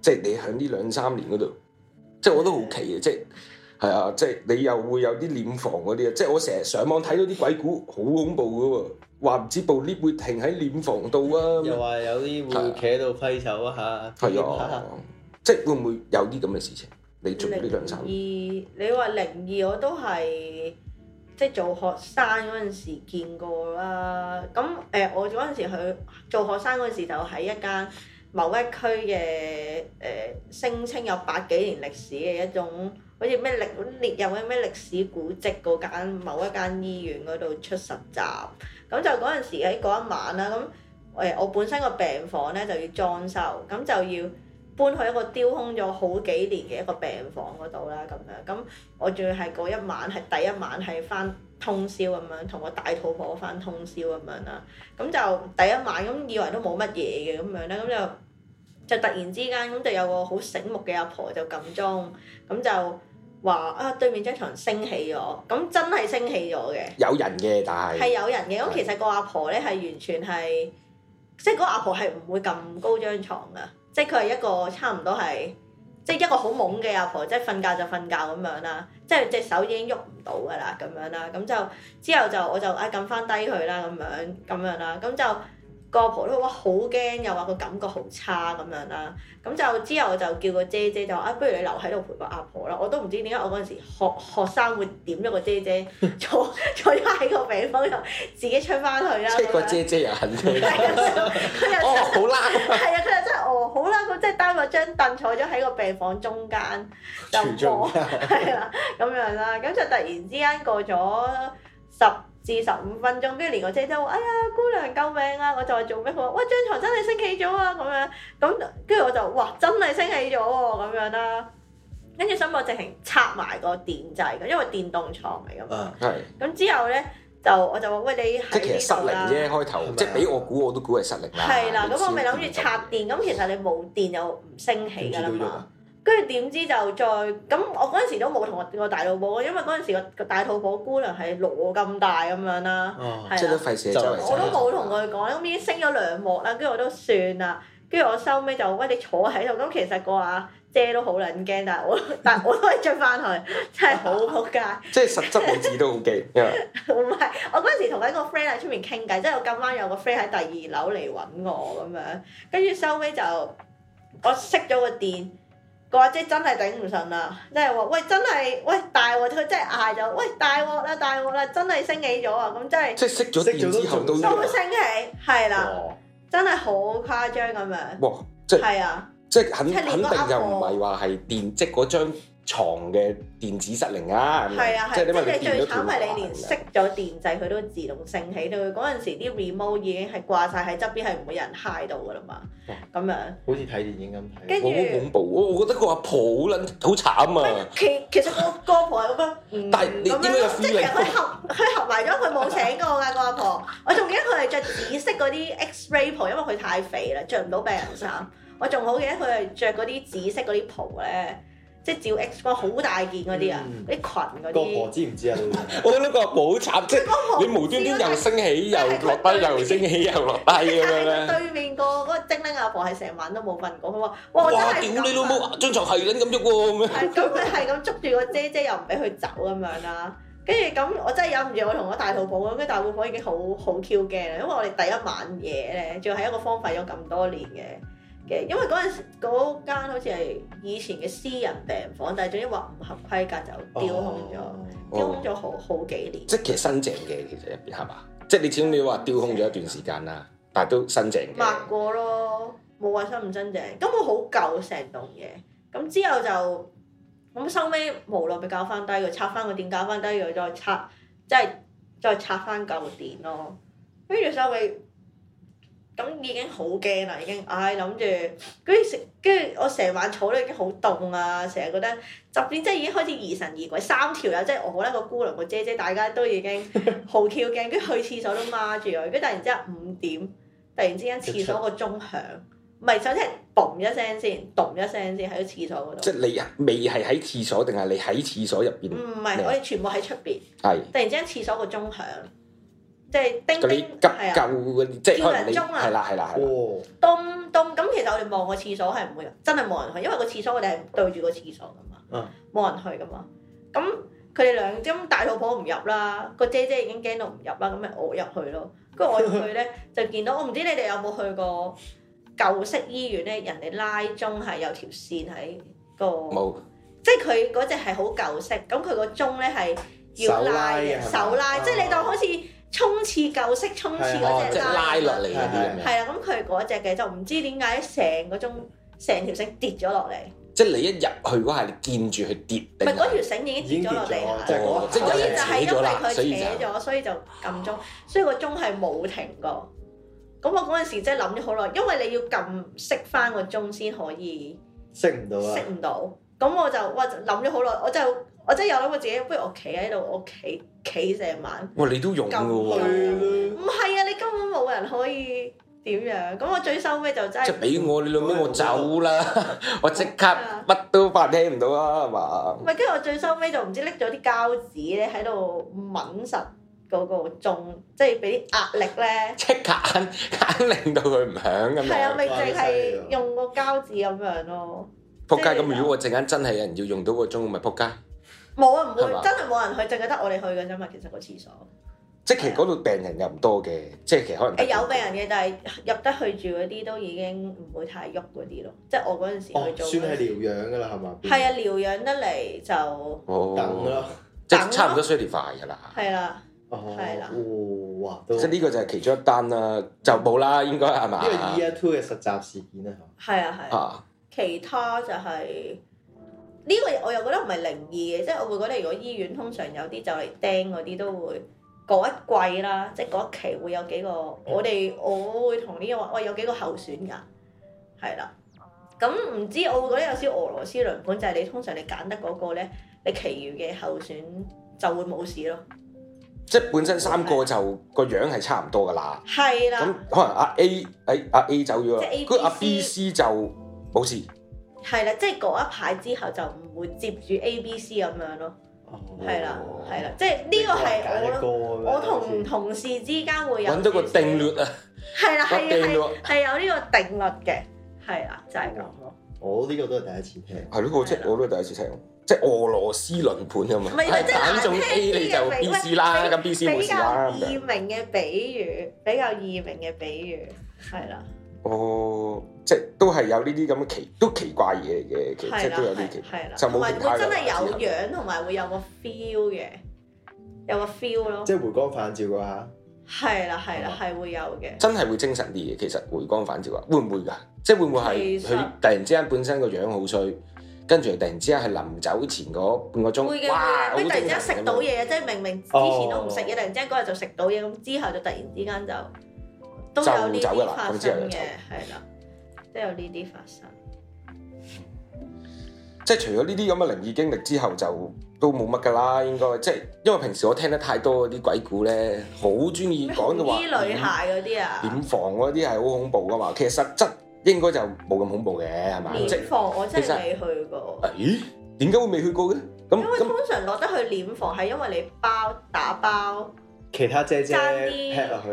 即、就、係、是、你喺呢兩三年嗰度，嗯、即係我都好奇嘅，即係。係啊，即係你又會有啲殮房嗰啲啊！即係我成日上網睇到啲鬼故，好恐怖㗎喎，話唔知部 lift 會停喺殮房度啊！又話
有啲會企喺度揮手啊吓，係啊，即
係會唔會有啲咁嘅事情？你做呢兩集而
你話靈異，我都係即係做學生嗰陣時見過啦。咁誒、呃，我嗰陣時去做學生嗰陣時，就喺一間某一區嘅誒、呃，聲稱有百幾年歷史嘅一種。好似咩歷列入咩歷史古蹟嗰間某一間醫院嗰度出實習，咁就嗰陣時喺嗰一晚啦，咁誒我本身個病房咧就要裝修，咁就要搬去一個丟空咗好幾年嘅一個病房嗰度啦，咁樣，咁我仲要係嗰一晚係第一晚係返通宵咁樣，同個大肚婆返通宵咁樣啦，咁就第一晚咁以為都冇乜嘢嘅咁樣咧，咁就就突然之間咁就有個好醒目嘅阿婆就撳鐘，咁就。話啊，對面張床升起咗，咁真係升起咗嘅。
有人嘅，但係係有人嘅。咁是的 其
實個阿婆咧係完全係，即係嗰阿婆係唔會咁高張床噶，即係佢係一個差唔多係，即係一個好懵嘅阿婆，即係瞓覺就瞓覺咁樣啦，即係隻手已經喐唔到噶啦，咁樣啦，咁就之後就我就啊撳翻低佢啦，咁樣咁樣啦，咁就。個阿婆都話好驚，又話個感覺好差咁樣啦。咁就之後我就叫個姐姐就話，啊，不如你留喺度陪個阿婆啦。我都唔知點解我嗰陣時學,學生會點咗個姐姐坐坐喺個病房度，自己出翻去啦。即係個
姐姐又肯啫、 哦
啊。哦，好啦。係啊，佢又真係哦，好啦，佢即係擔個張凳坐咗喺個病房中間。就全中間。係啦，咁樣啦。咁就突然之間過咗十。四十五分鐘，跟住連個姐都話：哎呀，姑娘救命啊！我就話做咩？佢話：喂，張床真係升起咗啊！咁樣咁，跟住我就話：真係升起咗喎、啊！咁樣啦，跟住想我直情拆埋個電掣嘅，因為電動床嚟㗎嘛。係、啊。咁之後咧就我就話：喂，你，其實失靈啫，
開頭吧即係俾我估我都估係失靈。的」啦。係啦，咁我咪諗住插
電，咁其實你冇電就唔升起㗎啦嘛。跟住點知就再咁？那我嗰陣時都冇同我個大肚婆，因為嗰陣時個大肚婆姑娘係攞咁大咁樣啦，係啦、哦，費事我都冇同佢講。咁已經升咗兩幕啦，跟住我都算啦。跟住我收尾就餵你坐喺度。咁其實個阿姐都好卵驚，但係我但係我都係出返去，真係好撲街。
即係實質我自己都好驚。
唔係，我嗰陣時同緊個 friend 喺出面傾偈，即係我今晚有個 friend 喺第二樓嚟揾我咁樣，跟住收尾就我熄咗個電。個即真係頂唔順啦，即係話喂真係喂大鑊，佢真係嗌咗，喂大鑊啦大鑊啦，真係升起咗啊！咁真係即係熄咗熄咗之後都，都升起，係啦，哇真係好誇張咁樣。哇！
即係係啊，即係肯，肯定又唔係話係電即嗰張。床嘅電子失靈啊，啊，即係最慘係你連熄
咗電掣佢都自動升起到，嗰陣時啲 remote 已經係掛晒喺側邊，係唔會有人 hi 到噶啦嘛，咁樣
好似睇電影咁，好恐怖！啊。我覺得個阿婆好撚好慘啊。
其其實個個婆係咁樣，但係你即係佢合佢合埋咗，佢冇請過㗎個阿婆。我仲記得佢係着紫色嗰啲 X-ray 袍，因為佢太肥啦，着唔到病人衫。我仲好記得佢係着嗰啲紫色嗰啲袍咧。即照 X 光好大件嗰啲啊，
啲裙嗰啲。個婆知唔知啊？我覺得個好慘，即你無端端又升起又落低又升起又落低，咁樣咧。對
面個嗰個精靈阿婆係成晚都冇瞓過，佢話：哇！真係，屌你老母，張床係撚咁樣喎咩？咁佢係咁捉住個姐姐，又唔俾佢走咁樣啦。跟住咁，我真係忍唔住，我同我大肚婆，咁啲大肚婆已經好好 Q 驚啦，因為我哋第一晚嘢咧，仲係一個荒廢咗咁多年嘅。嘅，因為嗰陣時嗰間好似係以前嘅私人病房，但係總之話唔合規格就丟空咗，丟、哦哦、空咗好好幾年。即
係其實新淨嘅，其實入邊係嘛？即係你始終你話丟空咗一段時間啦，但係都新淨嘅。抹
過咯，冇話新唔新淨，根本好舊成棟嘢。咁之後就咁收尾，無奈咪搞翻低佢，拆翻個電搞翻低佢，再拆即係再拆翻舊電咯。跟住收尾。咁已經好驚啦，已經，唉諗住，跟住食，跟住我成晚坐都已經好凍啊，成日覺得，甚至即係已經開始疑神疑鬼，三條友即係我咧個姑娘個姐姐，大家都已經好驚，跟住 去廁所都孖住我，跟住突然之間五點，突然之間廁所個鐘響，唔係首先係嘣一聲先，咚一聲先喺個廁所嗰度。即係
你未係喺廁所，定係你喺廁所入邊？唔係是，是我哋
全部喺出邊。係的。突然之間廁所個鐘響。即係叮叮，係啊！叫
人鐘啊，係啦係啦係啦。
咚咚，咁其實我哋望個廁所係唔會，真係冇人去，因為個廁所我哋係對住個廁所噶嘛，冇人去噶嘛。咁佢哋兩隻大肚婆唔入啦，個姐姐已經驚到唔入啦，咁咪我入去咯。跟住我入去咧就見到，我唔知你哋有冇去過舊式醫院咧，人哋拉鐘係有條線喺個，即係佢嗰隻係好舊式，咁佢個鐘咧係要拉手拉，即係你當好似。衝刺舊式衝刺嗰隻對即係拉落嚟嗰啲係啦，咁佢嗰隻嘅就唔知點解成個鐘成條繩跌咗落嚟。
即係你一入去嗰下，你見住佢跌。唔係嗰
條繩已經跌咗落嚟，哦、即係就個。因為佢扯咗，所以就撳鐘，所以個鐘係冇停過。咁我嗰陣時真係諗咗好耐，因為你要撳熄翻個鐘先可以
熄唔到啊！熄唔
到。咁我就哇諗咗好耐，我就。我真係有諗
過自己，不如我企喺度，我企
企成晚。哇！你都用㗎喎，唔係啊！你根本冇人可以點樣。咁我最收尾就真係即係俾我，
你兩秒我走啦！我即刻乜都發聽唔到啊，係嘛？唔
係，跟住我最收尾就唔知拎咗啲膠紙咧，喺度掹實嗰個鐘，即係俾啲壓力咧。即刻
硬硬令到佢唔響咁。係啊，咪淨係
用個膠紙咁樣咯。撲街！咁
如果我陣間真係有人要用到個鐘，咪撲街？
冇啊，唔會。真係冇人去，淨係得我哋去㗎啫嘛。其實個廁所，
即係其實嗰度病人又唔多
嘅，
即係其實可能。誒有
病人嘅，但係入得去住嗰啲都已經唔會太喐嗰啲咯。即係我嗰陣時去做，算係
療養噶啦，係
嘛？係啊，療養得嚟就
等咯，即係差唔多衰啲快噶啦。係啦，係啦。哇！即係呢
個就係其中一單啦，就冇啦，應該係嘛？因為 year two 嘅實習事件啦。
係啊係啊，其他就係。呢個我又覺得唔係靈異嘅，即係我會覺得如果醫院通常有啲就嚟釘嗰啲都會過一季啦，即係過一期會有幾個、嗯、我哋我會同呢個話，喂有幾個候選㗎係啦，咁唔、嗯嗯、知我會覺得有少少俄羅斯輪本，就係你通常你揀得嗰個咧，你其餘嘅候選就會冇事咯。
即係本身三個就的個樣係差唔多噶啦，
係啦的，咁可
能阿 A 誒阿 A 走咗啦，跟住阿 A B C 就冇事。
係啦，即係嗰一排之後就唔會接住 A、B、C 咁樣咯。係啦，係啦，即係呢個係我我同同事之間會有。揾
到個定律啊！係啦，
係係係有呢個定律嘅，係啦，就係咁咯。我呢個都係第一次聽。
係咯，我即我都係第一次聽，即係俄羅斯輪盤咁嘛？係反中 A 你就 B、C 啦，咁 B、C 冇事啦咁樣。比較易
明嘅比喻，比較易明嘅比喻，係啦。
哦，即係都係有呢啲
咁嘅奇，都奇怪嘢嘅，其實都有啲奇，就冇。會唔會真係有樣同埋會有個 feel
嘅？有個 feel 咯，即
係回光返照啊！係啦，
係啦，係會有嘅。真
係會精神啲嘅，其實回光返照啊，會唔會噶？即係會唔會係佢突然之間本身個樣好衰，跟住突然之間係臨走前嗰半個鐘，哇！突然之間食到嘢，即係明明之前都唔食嘢，突然
之間嗰日就食到嘢，咁之後就突然之間就。都有呢啲發生嘅，係啦，都有呢啲發生。即
係除咗呢啲咁嘅靈異經歷之後，就都冇乜噶啦。應該即係因為平時我聽得太多嗰啲鬼故咧，好中意講嘅話，啲女孩嗰啲啊，殮房嗰啲係好恐怖噶嘛。其實實質應該就冇咁恐怖嘅，係咪？殮房我真係
未
去過。咦？點解會未去過嘅？
咁因為通常覺得去殮房係因為你包打包
其他姐姐劈落去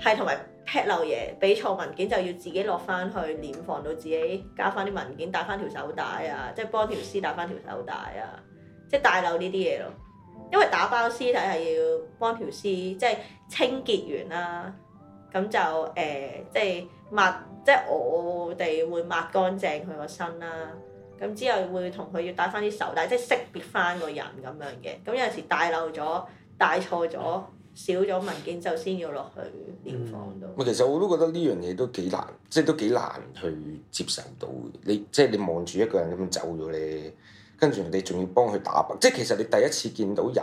係同埋。
劈漏嘢，俾錯文件就要自己落翻去，殮房，到自己加翻啲文件，帶翻條手帶啊，即係幫條屍帶翻條手帶啊，即係帶漏呢啲嘢咯。因為打包屍體係要幫條屍，即係清潔完啦，咁就誒、呃，即係抹，即係我哋會抹乾淨佢個身啦。咁之後會同佢要帶翻啲手帶，即係識別翻個人咁樣嘅。咁有陣時帶漏咗，帶錯咗。少咗文
件就先要落去殮房度。其實我都覺得呢樣嘢都幾難，即係都幾難去接受到。你即係你望住一個人咁走咗，你跟住人哋仲要幫佢打包。即係其實你第一次見到人，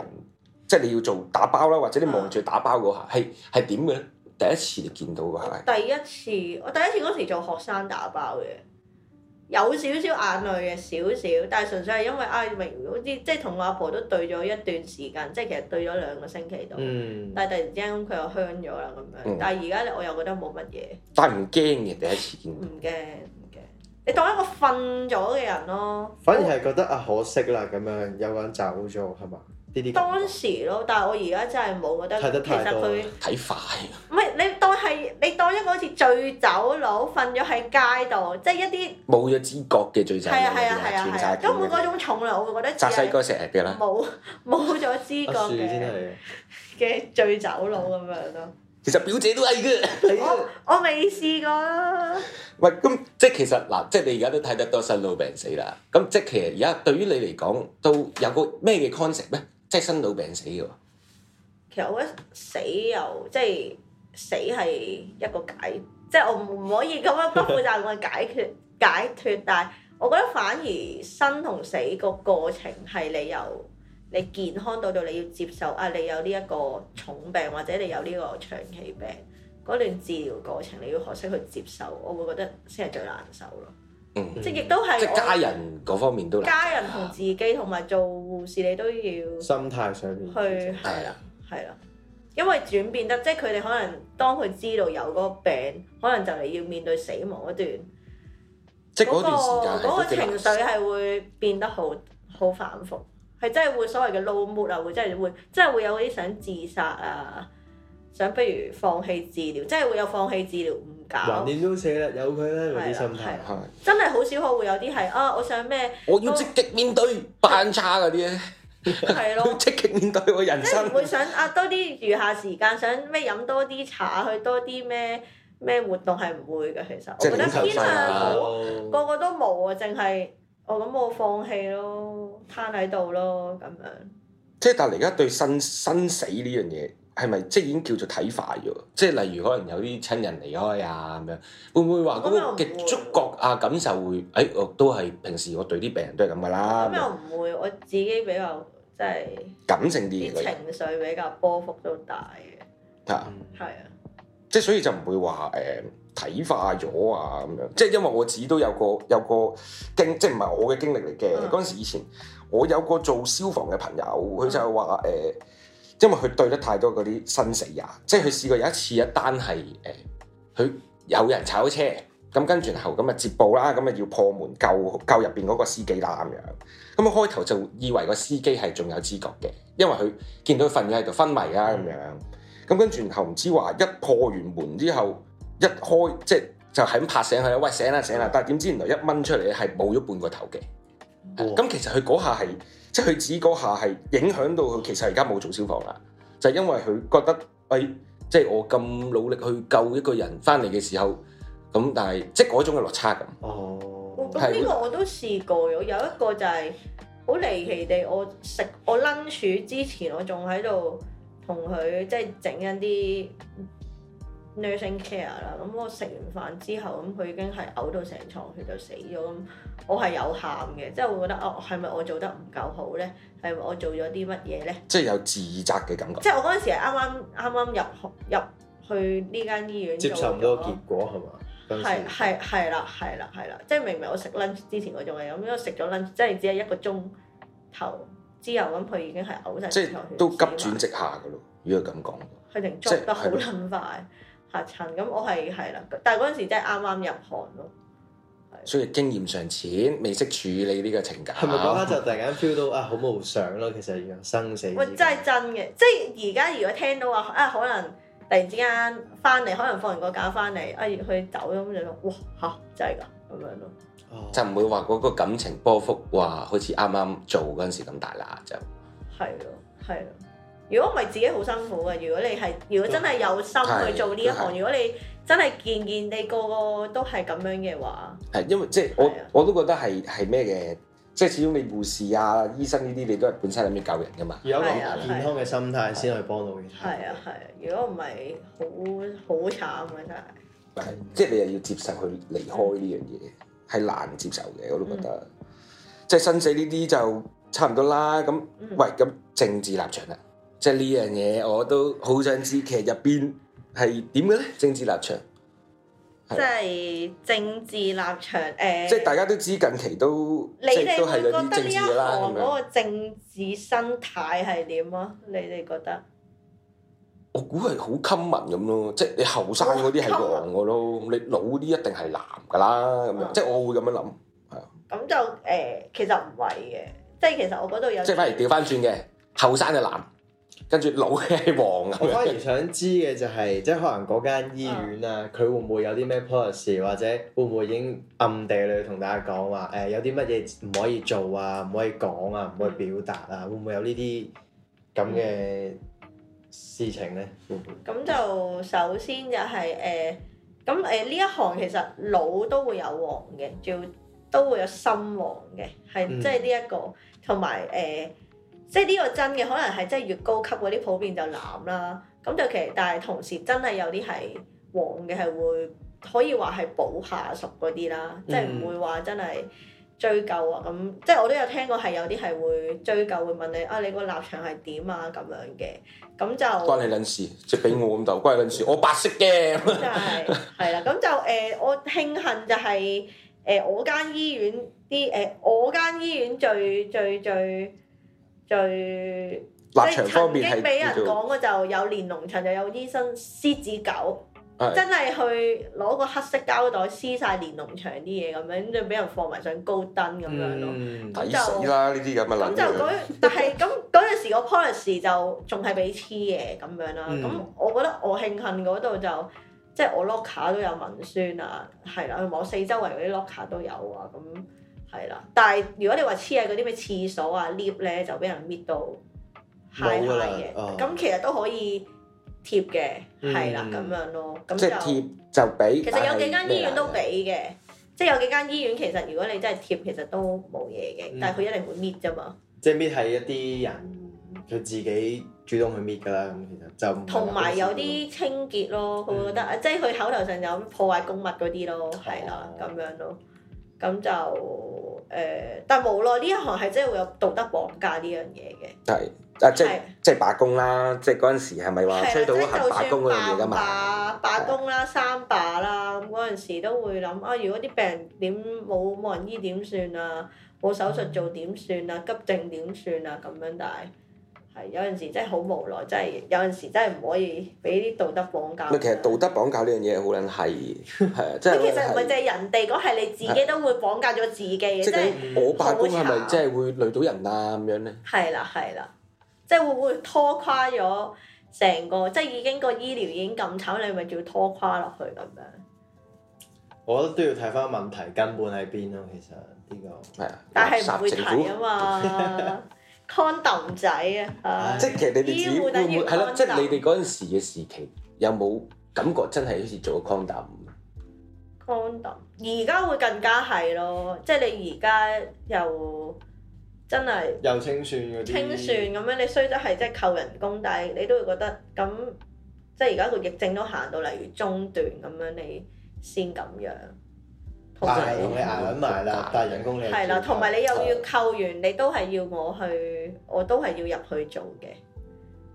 即係你要做打包啦，或者你望住打包嗰下，係係點嘅咧？第一次你見到嘅係？第一次，
我第一次嗰時做學生打包嘅。有少少眼淚嘅，少少，但係純粹係因為阿、啊、明好似即係同阿婆都對咗一段時間，即係其實對咗兩個星期度。嗯。但係突然之間佢又香咗啦咁樣，嗯、但係而家咧我又覺得冇乜嘢。
但係唔驚嘅，第一次見。唔
驚唔驚，你當一個瞓咗嘅人咯。
反而係覺得啊可惜啦，咁樣有個人走咗係嘛？當時咯，但係我而家真係冇
覺得其實。睇得太多。睇快、啊。唔係你當係你當一個似醉酒佬，瞓咗喺街度，即係一啲
冇咗知覺嘅醉酒佬。係啊係啊係啊係啊！根本嗰種重量，我會覺得砸
細個石入邊啦。冇冇咗知
覺嘅醉酒佬咁樣咯。 是 其實表姐都係嘅。
我我未試過。
喂，咁即係其實嗱，即係你而家都睇得多生老病死啦。咁即係其實而家對於你嚟講，都有個咩嘅 concept 咧？即係生老病死嘅喎。
其實我覺得死又即係死係一個解，即係我唔可以咁樣不負責任去解決解決。 解脫。但係我覺得反而生同死個過程係你由你健康到到你要接受啊，你有呢一個重病或者你有呢個長期病嗰段治療過程，你要學識去接受，我會覺得先係最難受咯。嗯，即係亦都係。即係家人
嗰方面都。家
人同自己同埋做。同時你都要
心態上邊去，
係啦了，係啦了，因為轉變得即係佢哋可能當佢知道有嗰個病，可能就嚟要面對死亡一段，
即嗰段時間，嗰個、個情緒係
會變得好好反覆，係真係會所謂嘅 low mood 啊，會真係會真係會有啲想自殺啊。想不如放棄治療，即係會有放棄治療唔搞。年年
都死啦，有佢咧嗰啲心態，係
真係好少可會有啲係啊！我想咩？我要積極面對
扮差嗰啲咧，係咯都，的啊、要積極面對我人生。即係唔會
想啊多啲餘下時間，想咩飲多啲茶去多啲咩咩活動係唔會嘅。其實我覺得基本上個個都冇啊，淨係我咁我放棄咯，攤喺度咯咁樣。
即係但係而家對生生死呢樣嘢。係咪即係已經叫做睇化咗？即係例如可能有啲親人離開啊咁樣，會唔會話嗰個嘅觸覺啊感受會？誒、哎，我都係平時我對啲病人都係咁噶啦。咁又唔會，的我自己比
較即係、就
是、感性啲，情緒比較波幅都大嘅。啊，係啊，即係所以就唔會話誒睇化咗啊咁樣。即係因為我自己都有個有個經，即係唔係我嘅經歷嚟嘅。嗰陣、uh huh. 時以前，我有個做消防嘅朋友，佢就話誒。呃呃因為佢對得太多嗰啲生死人，即係佢試過有一次一單係誒，佢、呃、有人炒車，咁跟住後咁啊接報啦，咁啊要破門救救入邊嗰個司機啦咁樣。咁啊開頭就以為個司機係仲有知覺嘅，因為佢見到份嘢喺度昏迷啦咁、嗯、樣。咁跟住後唔知話一破完門之後一開，即係就係咁拍醒佢，喂，醒啦醒啦！但係點知原來一掹出嚟係冇咗半個頭嘅。
咁
哇、嗯、其實佢嗰下係。即係佢指嗰下係影響到佢，其實而家冇做消防啦，就係、因為佢覺得，喂、哎，即係我咁努力去救一個人翻嚟嘅時候，咁但係即係嗰種嘅落差咁。哦，
咁
呢很個我都試過，我有一個就係好離奇地，我食我 lunch 之前我，我仲喺度同佢即係整一啲。nursing care 啦，咁、嗯、我食完飯之後，咁、嗯、佢已經係嘔到成床血，就死咗，咁、嗯、我係有喊嘅，即係我覺得哦，係咪我做得唔夠好咧？係我做咗啲乜嘢咧？
即係有自責嘅感覺。即係我嗰
陣時係啱啱啱啱入入去呢間醫院做、嗰個。接受唔到結
果係嘛？係
係係啦係啦係啦，即係明明我食 lunch 之前嗰種係咁，咁因為食咗 lunch，即係只係一個鐘頭之後，咁、嗯、佢已經係嘔晒成床血。即係都
急轉直下嘅咯，如果咁講。佢
定捉得好撚是快。嚇親咁，啊、我係係啦，但係嗰陣時真係啱啱入行咯，
係。所以經驗尚淺，未識處理呢個情感。係咪講緊就突然間 feel 到啊，好無常咯，其實生死。真係
真嘅，即係而家如果聽到話啊，可能突然之間翻嚟，可能放完個假翻嚟，啊，去走咁就哇嚇、啊，真係㗎咁樣咯。Oh.
就唔會話嗰個感情波幅話好似啱啱做嗰陣時咁大喇，就
係咯，係咯。如果唔係自己好辛苦嘅，如果你係如果真係有心去做呢一行，如果你真係件件地個個都係咁樣嘅話，
係因為即係我、啊、我都覺得係係咩嘅，即係始終你護士啊、醫生呢啲，你都係本身諗住救
人噶
嘛，有個健康嘅心態
先去幫到人，係啊係、啊啊啊，如果唔係好
好
慘嘅真係，係即係你又要接受佢離開呢樣嘢，係
難接受嘅，我都覺得，嗯、即係生死呢啲就差唔多啦。咁，嗯、喂咁政治立場啦。即係呢樣嘢，我都好想知，其實入邊係點嘅咧？政治立場，即係
政治立場。誒、
欸，即係大家都知近期都，你哋們會覺得呢一行嗰個吧政治生態
係點咯？你哋覺得？
我估係好 common 咁咯，即係你後生嗰啲係個黃個咯，哦、你老啲一定係藍噶啦咁樣。即係我會咁樣諗，係。咁就誒、欸，其實唔係
嘅，即係其實我嗰度有，即
係反而調翻轉嘅，後生就藍。跟住老係黃啊！ 我反而
想知嘅就係、是，即係可能嗰間醫院啊，佢、啊、會唔會有啲咩 policy，或者會唔會已經暗地裏同大家講話誒，有啲乜嘢唔可以做啊，唔可以講啊，唔可以表達啊，會唔會有呢啲咁嘅事情咧？咁、
嗯、 就首先就係、是、誒，咁誒呢一行其實老都會有黃嘅，叫都會有心黃嘅，係即係呢一個，同埋誒。呃即係呢個真嘅，可能係即係越高級嗰啲普遍就藍啦。咁就其實，但係同時真係有啲係黃嘅，係會可以話係保下屬嗰啲啦。嗯、即係唔會話真係追究啊。咁即係我都有聽過係有啲係會追究，會問你啊，你個立場、啊、係點啊咁樣嘅。咁就關你
撚事，即俾我咁就關你撚事。我白色嘅，真係係
啦。咁就誒、呃，我慶幸就係、是、誒、呃、我間醫院啲誒、呃、我間醫院最最最。最最最，即係曾經俾人講，我做就有連儂牆就有醫生獅子狗，是的 真係去攞個黑色膠袋撕晒連儂牆啲嘢咁樣，就俾人放埋上高登咁樣咯。
睇死啦，呢啲咁嘅咁就嗰，但係
咁嗰陣時個 policy 就仲係俾黐嘅咁樣啦。咁、嗯、我覺得我慶幸嗰度就，即、就、係、是、我 locker 都有文宣啊，係啦，我四周圍嗰啲 locker 都有啊咁。係啦，但係如果你話黐喺嗰啲咩廁所啊 lift 咧，就俾人搣到 high
high 嘅。咁
其實都可以貼嘅，係啦咁樣咯。咁即係貼
就俾。其實有幾間醫院都俾
嘅，即係有幾間醫院其實如果你真係貼，其實都冇嘢嘅，但係佢一定會搣啫嘛。
即係搣係一啲人佢自己主動去搣㗎啦，咁其實就同埋有啲
清潔咯，佢覺得即係佢口頭上就咁破壞公物嗰啲咯，係啦咁樣咯，咁就。誒、呃，但係無奈呢一行係真係會有道德綁架呢樣嘢
嘅，係啊，即係是即係罷、啊、工啦，即係嗰陣時係咪話催到行罷工嗰陣時而家嘛，
罷工啦，三罷啦，咁嗰陣時都會諗啊，如果啲病人點冇冇人醫點算啊？冇手術做點算啊？急症點算啊咁樣但，但係。係有陣時真係好無奈，真係有陣時真係唔可以俾啲道德綁架。其實
道德綁架呢樣嘢好撚係，係啊！佢其實唔係
即係人哋講，係是你自己都會綁架咗自己嘅。是是即係我辦公係咪即係
會累到人啊咁樣
咧？係啦係啦，即係會唔會拖垮咗成個？即係已經個醫療已經咁慘，你咪仲要拖垮落去咁樣？
我覺得都要睇翻問題根本喺邊咯，其實呢個係啊，但係唔會睇啊嘛。
condom 仔啊！是即係其實你哋自己會唔會係啦？即係你哋嗰
陣時嘅時期，有冇感覺真係好似做咗
condom？condom 而家會更加係咯，即係你而家又真係
又清算清算
咁樣，你雖則係即係扣人工，但係你都會覺得咁即係而家個疫症都行到，例如中段咁樣，你先咁樣。係，要挨揾埋啦。但
係人工你係，係啦，同埋你又要
扣完，你都係要我去，我都係要入去做嘅，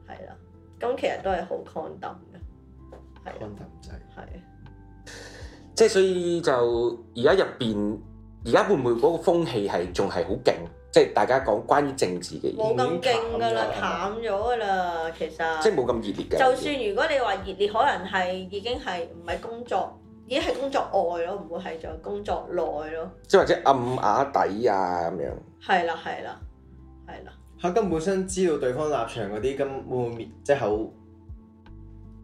係啦。咁其實都係好 condemn 嘅，係 condemn 仔，係。
即係所以就而家入邊，而家會唔會嗰個風氣係仲係好勁？即係大家講關於政治嘅嘢，冇咁勁噶啦，淡
咗噶啦。其實即係冇
咁熱烈。就算如
果你話熱烈，可能係已經係唔係工作。已經係工作外咯，唔會係在工作內咯。即
係或
者暗啞底啊咁樣。
係啦，係啦，
係啦。嚇，根本身知道對方立場嗰啲，咁會唔會即係好，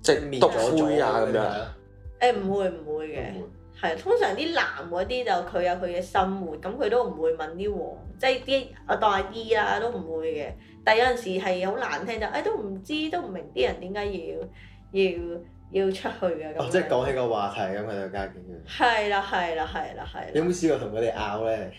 即係篤灰啊咁樣。誒唔、欸、
會唔會嘅，係會通常啲男嗰啲就佢有佢嘅生活，咁佢都唔會問啲黃，即係啲大姨啦都唔會嘅。但係有陣時係好難聽就，誒、哎、都唔知都唔明啲人點解要要。要要出去嘅，哦，即
係講起個話題咁佢就加緊
嘅。係啦，係啦，係 啦，係啦。有
冇試過同佢哋
拗咧？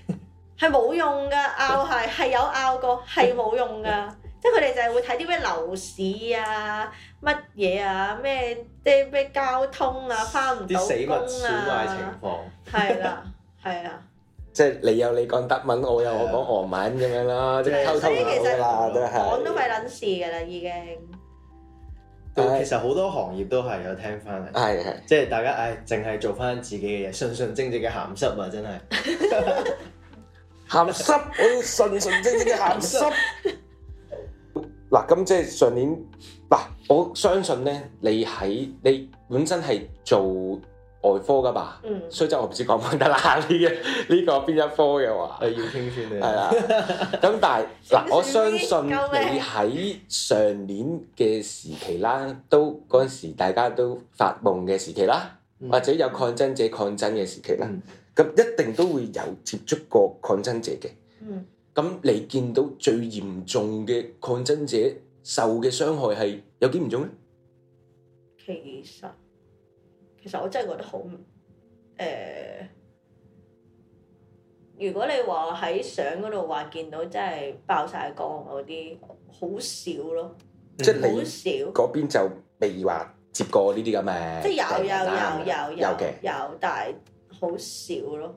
係冇用噶，拗係係有拗過，係冇用噶。即係佢哋就係會睇啲咩樓市啊、乜嘢啊、咩咩交通啊，翻唔到工啊，啲死物損壞情況。係 啦，係啊。即
係 你有你講德文，我有我講俄文咁 樣啦。即係，所以其實講都係
撚事噶啦，已經、嗯。是
Yeah. 其實好多行業都係有聽翻嚟，係係，即係大家唉，淨、哎、係做翻自己嘅嘢，純純正正嘅鹹濕啊！真係鹹濕，我要純純正正嘅鹹濕。
嗱，咁即係上年嗱，我相信咧，你喺你本身係做外科噶吧，所以就、嗯、我唔知講唔得啦。呢、這、呢個邊、這個、一科嘅話，你要傾先嘅、啊。係啦，咁但係嗱，我相信你喺上年嘅時期啦，都嗰陣時大家都發夢嘅時期啦，嗯、或者有抗爭者抗爭嘅時期啦，咁、嗯、一定都會有接觸過抗爭者嘅。嗯，咁你見到最嚴重嘅抗爭者受嘅傷害係有幾嚴重咧？其
實。其實我真係覺得好誒、呃，如果你話喺相嗰度話見到真係爆晒光嗰啲，好少咯，嗯、少即係好少嗰
邊就未話接過呢啲咁啊！即係有有有有有的有，
有，但係好少咯，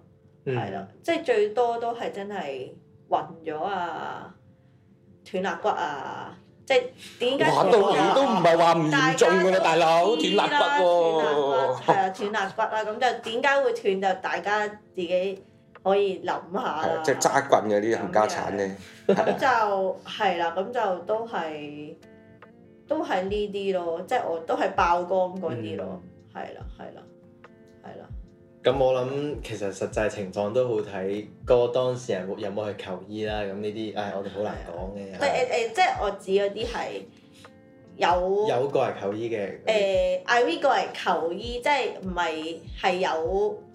係、嗯、咯，即係最多都係真係暈咗啊，斷肋骨啊～即係點解玩到你都？唔係話唔嚴重㗎啦，大佬，斷肋骨，係啊，斷肋骨啦。咁就點解會斷？就大家自己可以諗下即係
揸棍嗰啲冚家鏟咧。咁
就係啦，咁就都係都係呢啲咯。即我都係爆光嗰啲咯。係啦，係啦，
係啦。咁我諗，其實實際情況都好睇個當事人有冇去求醫啦。咁呢啲，唉、哎，我哋好難講
嘅。唔係誒誒，即係我指嗰啲係有
有過嚟求醫嘅。
誒，Ivy 過嚟求醫，嗯、即係唔係係有。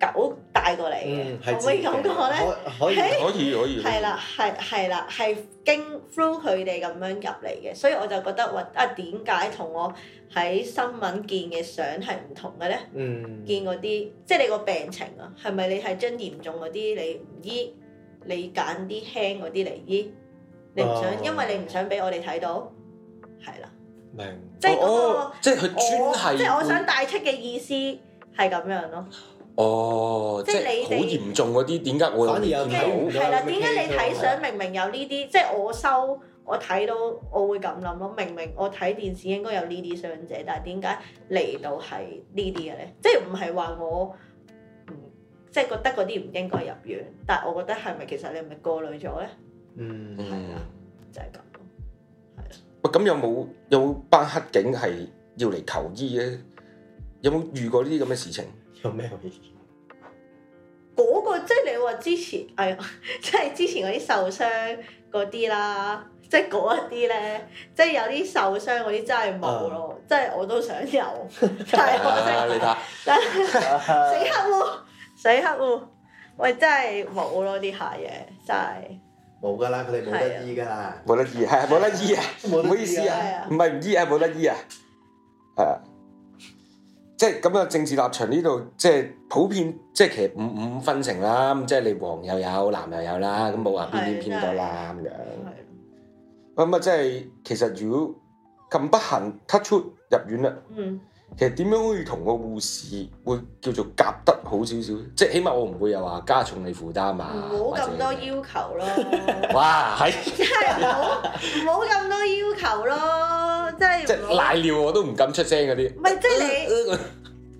狗帶過嚟嘅，可唔、嗯、可以咁講咧？可以，可以，可以。係啦，係係啦，係經 through 佢哋咁樣入嚟嘅，所以我就覺得話啊，點解同我喺新聞見嘅相係唔同嘅咧？嗯，見嗰啲即係你個病情啊，係咪你係將嚴重嗰啲？你唔醫，你揀啲輕嗰啲嚟醫，你唔想，哦、因為你唔想俾我哋睇到，係啦。
明，即係嗰個，即係佢專係，即係我
想帶出嘅意思係咁樣咯。
哦，即係你好嚴重嗰啲點解？我反而又係啦，點解你睇相
明明有呢啲？即係我收我睇到，我會咁諗咯。我明明我睇電視應該有呢啲傷者，但係點解嚟到係呢啲嘅咧？即係唔係話我、嗯、即係覺得嗰啲唔應該入院，但我覺得係咪其實你係咪過濾咗咧？嗯，係啊，就係、是、咁，係
啊。喂、嗯，咁有冇有班黑警係要嚟求醫嘅？有冇遇過呢啲咁嘅事情？
有咩回事？嗰個即係你話之前，哎呀，即係之前嗰啲受傷嗰啲啦，即係嗰一啲咧，即係有啲受傷嗰啲真係冇咯，即係我都想有，
但係我哋
死黑戶，死黑戶，喂，真係冇咯，啲鞋嘢真係
冇噶啦，佢哋冇
得醫噶啦，
冇得醫，係冇
得醫啊，唔好意思啊，唔係唔知啊，冇得醫啊，係啊。即係咁嘅政治立場呢度，即係普遍即係其實五五分成啦，咁即係你黃又有，藍又有啦，咁冇話邊邊偏多啦咁是的 樣。咁啊，即係其實如果咁不幸 touch 出入院啦，其實點樣可以同個護士會叫做夾得好少少？即係起碼我唔會又話加重你負擔啊，冇
咁多要求咯。
哇，係
冇，冇咁多要求咯。即係，即係賴
尿我都唔敢出聲嗰啲。
唔係是，即係、呃、你，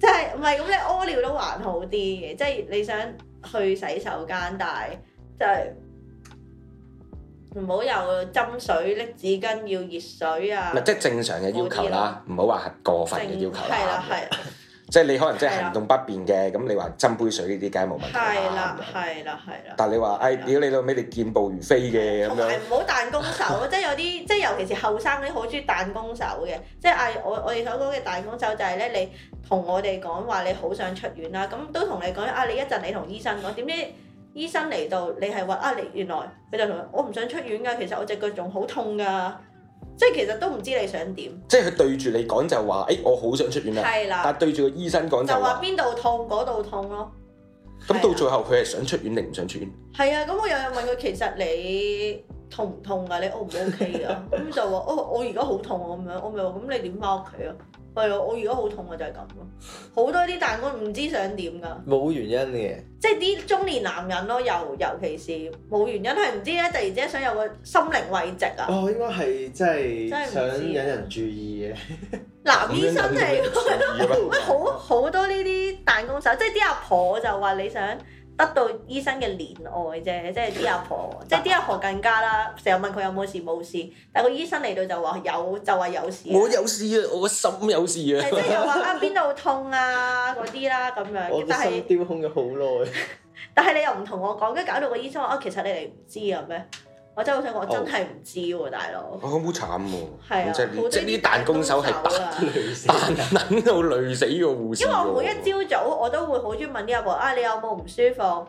即係唔係咁咧？屙尿都還好啲嘅，即係你想去洗手間，但係就係唔好有斟水、拎紙巾要熱水啊！
咪即係正常嘅要求啦，唔好話過分嘅要求啦。係啦，係啦。 即係你可能即係行動不便嘅，咁你話斟杯水呢啲梗係冇問題啦。
係啦，係啦，係啦。
但係你話誒屌你老味，你健步如飛嘅咁樣，唔
好彈弓手 即係有啲即係尤其是後生嗰啲好中意彈弓手嘅，即係誒我我哋所講嘅彈弓手就係咧，你同我哋講話你好想出院啦，咁都同你講啊，你一陣你同醫生講，點知醫生嚟到你係話啊，你原來佢就同我唔想出院噶，其實我隻腳仲好痛噶。即係其實都唔知你想點，
即係佢對住你講就話，誒、欸，我好想出院啦，的但係對住個醫生講就話
邊度痛嗰度痛咯、
啊，咁到最後佢係想出院定唔想出院？
係啊的，咁我又有問佢，其實你痛唔痛噶？你 O 唔 O K 啊？咁就話，哦，我而家好痛啊，咁樣、OK， 我咪話，咁你點翻屋企啊？係我如果好痛啊，就係咁咯。好多啲彈弓唔知想點噶，
冇原因嘅。
即係啲中年男人咯，尤尤其是冇原因係唔知咧，突然之間想有個心靈慰藉啊。哦，應該係即
係真係想引人注意
嘅。 男醫生嚟嘅，喂，好好多呢啲彈弓手， 即係啲阿婆就話你想，得到醫生嘅憐愛啫，即係啲阿婆， 即係啲阿婆更加啦，成日問佢有冇事冇事，但個醫生嚟到就話有，就話有事。我有
事啊，我個心有事 啊。係即係又
話啊邊度痛啊嗰啲啦咁樣，的但係
吊空咗好耐。
但係你又唔同我講，跟住搞到個醫生話啊，其實你哋唔知啊，咩？我真係好想講，
我真係唔知喎，大佬。我覺得好慘喎，即係啲彈弓手係等，等到累死個護士。因為我每一朝
早我都會好鍾意問啲阿婆啊，你有冇唔舒服、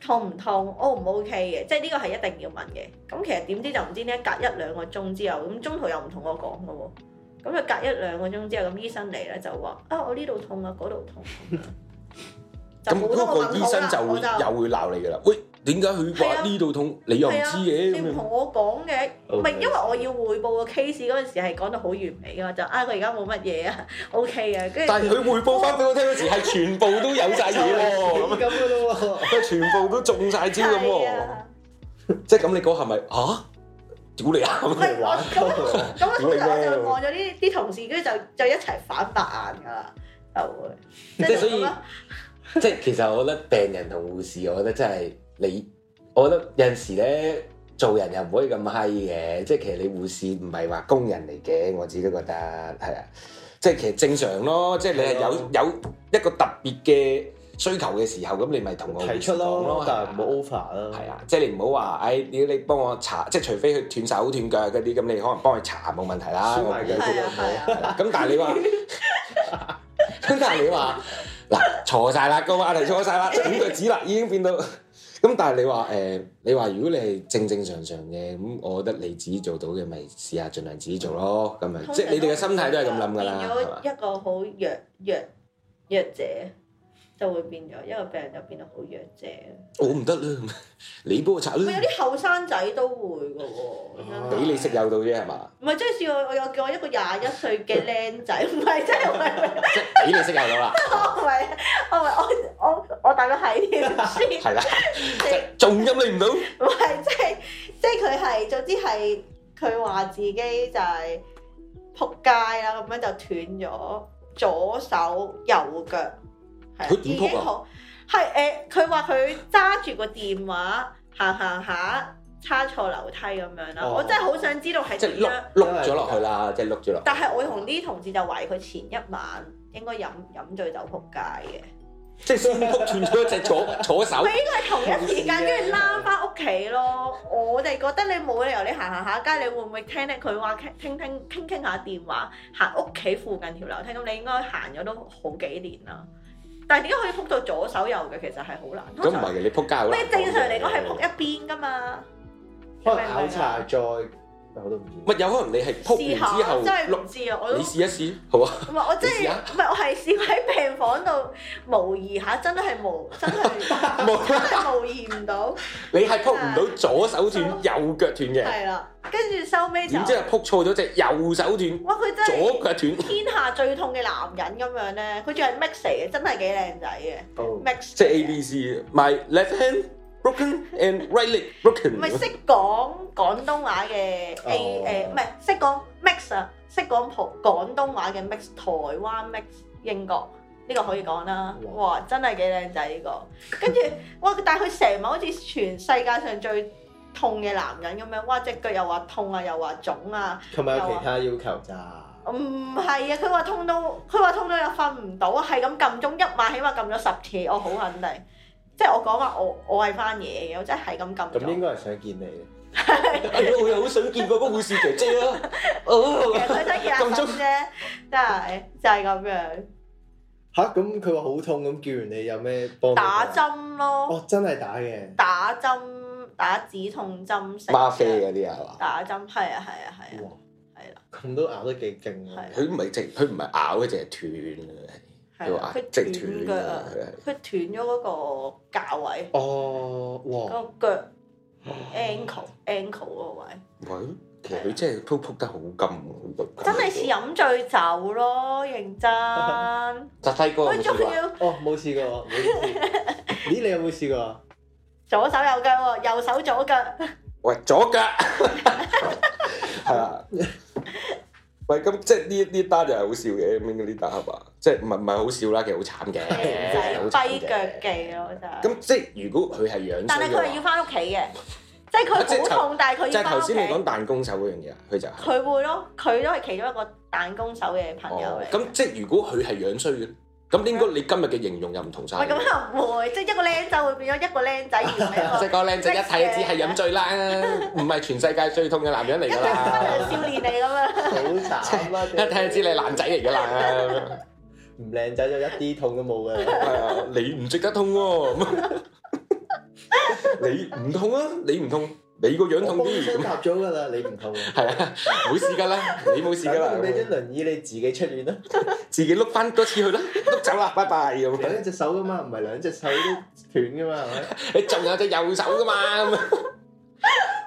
痛唔痛、O 唔 O K 嘅，即係呢個係一定要問嘅。咁其實點知就唔知咧，隔一兩個鐘之後，咁中途又唔同我講嘅喎。咁佢隔一兩個鐘之後，咁醫生嚟咧就話啊，我呢度痛啊，嗰度痛。
咁嗰個醫生就會又會鬧你嘅啦，點解佢話呢度痛？你又唔知嘅？你同
我講嘅唔係因為我要匯報個 case 嗰陣時係講得好完美噶嘛？就啊佢而家冇乜嘢啊，OK 啊，跟住但係佢匯報
翻俾我聽嗰時係全部都有晒嘢咯，咁樣咯喎，全部都中晒招咁喎，即係咁你講係咪啊？屌你下咁嚟啊？咁啊？咁我就望咗啲
啲同事，跟住就就一齊反白眼噶啦，
就會即係所以即係其實我覺得病人同護士，我覺得真係。你，我覺得有陣時咧，做人又唔可以咁閪嘅，即係其實你護士唔係話工人嚟嘅，我自己都覺得係啊，即係其實正常咯，即係你係有有一個特別嘅需求嘅時候，咁你咪同我提出咯，但係唔
好 over 啦，係啊，
即係你唔好話，哎，你你幫我查，即係除非佢斷手斷腳嗰啲，咁你可能幫佢查冇問題啦，斷埋腳嗰啲，咁但係你話，咁但係你話，嗱錯晒啦，個話題錯晒啦，剪腳趾啦，已經變到～咁、嗯、但係你話誒、呃，你話如果你係正正常常嘅，咁、嗯、我覺得你自己做到嘅咪試下盡量自己做咯，咁咪，即係你哋嘅心態都係咁諗㗎喇。變咗
一個好弱弱弱者。就會
變咗，一個病人就變得好弱者。我唔得啦，你幫我查啦。咪有啲
後生仔都會嘅喎。俾、嗯、
你識又到啫，係嘛？
唔係即係笑我，我叫我一個廿一歲嘅僆仔，唔係
即係唔係唔係。俾 你識又到
啦。我唔係，我唔係，我我我大佬係添。係啦。
仲入你唔到。
唔係即係即係佢係總之係佢話自己就係仆街啦，咁樣就斷咗左手右腳。佢自己好，係誒，佢話佢揸住個電話行行下，叉錯樓梯咁樣啦。哦、我真係好想知道係點樣。即係碌
碌咗落去啦，即係碌咗落去。
但係我同啲同事就懷疑佢前一晚應該飲飲醉酒撲街嘅。
即係摔斷咗隻左左手。佢應該係同一時間跟住躝
翻屋企咯。 我哋覺得你冇理由你行行下街，你會唔會聽聽佢話傾傾傾傾下電話？行屋企附近條樓梯咁，你應該行咗都好幾年啦。但係點解可以撲到左手右腳？其實係好難。咁唔
係嘅，你撲街你正
常嚟講係撲一邊㗎嘛。
可考察再。我都唔知，咪
有可能你係撲完之後，你試一試，好啊？唔係我真係，
唔係我係試喺病房度模擬下，真係模，真係模，真係模擬唔到。
你係撲唔到左手斷，右腳斷嘅。係
啦，跟住收尾點知係
撲錯咗隻右手斷。哇！
佢真係左腳斷，天下最痛嘅男人咁樣咧，佢仲係 mix 嘅，真係幾靚仔
嘅。mix，即係 ABC，my left hand。Broken and Riley，Broken、right、唔係識
講廣東話嘅 A 誒、oh.，唔係識講 Mix 啊，識講普廣東話嘅 Mix，台灣 Mix 英國呢、這個可以講啦。哇，真係幾靚仔呢個。跟住哇，但係佢成日好似全世界上最痛嘅男人咁樣。哇，隻腳又話痛啊，又話腫啊。同埋有其
他要求咋？
唔係啊，佢話痛到，佢話痛到又瞓唔到，係咁撳鍾一晚，起碼撳咗十次，我好肯定。即係我講話，我我係翻嘢嘅，我真係咁咁。咁
應該係想見你。係咯，我又好想見嗰個護士姐姐啦。
咁中啫，真係就係咁樣。
吓，咁佢話好痛，咁叫完你有咩幫打？打針
咯。哦，真係打嘅。打針，打止痛針。嗎啡
嗰啲係嘛？
打針，係啊，係啊，係啊。
哇！係啦、嗯。咁了都咬得幾勁啊！佢唔係直，佢唔係咬，佢淨係斷啊。
佢斷腳啊！佢斷咗嗰個架位。哦，
哇！嗰個
腳哇，ankle，ankle 嗰個位。
喂，其實佢真係撲
撲得好金，好
真係試飲醉酒咯，認真。
細個，佢仲要哦，冇試過。哦、 咦，你有冇試過？
左手右腳喎，右手左腳。
喂， 左腳。係
啦。咁、嗯，即係呢啲單就係好笑嘅，咁樣啲打合啊，即係唔係唔係好笑啦，其實好慘嘅，跛腳技咯就。
咁 即係
如果佢係樣衰但係佢要
翻屋企嘅，即係佢好痛，是但係佢要翻屋企即係頭先你
講彈弓手嗰樣嘢，佢就佢、是、會咯，佢
都係其中一個彈弓手嘅朋友
嚟。咁、哦、即係如果佢係樣衰嘅。咁點解你今日嘅形容又唔同晒？喂，
係咁又
唔會，即係一個靚仔會變咗一個靚仔而嚟。唔係 個靚仔一睇就知係飲醉啦，唔係 全世界最痛嘅男人嚟㗎啦。少年嚟㗎嘛，好慘啊！
一睇就
知你係男仔嚟㗎啦，唔靚仔就一啲痛都冇嘅。係啊，你唔值得痛喎，你唔痛啊，你唔痛。 你個樣痛啲，咁，我先夾咗噶啦，你唔痛。係啊，冇事噶啦，你冇事噶啦。俾張輪椅你自己出院啦，自己碌翻多次去啦，碌走啦，拜拜。有一隻手噶嘛，唔係兩隻手都斷噶嘛，係咪？你仲有隻右手噶嘛，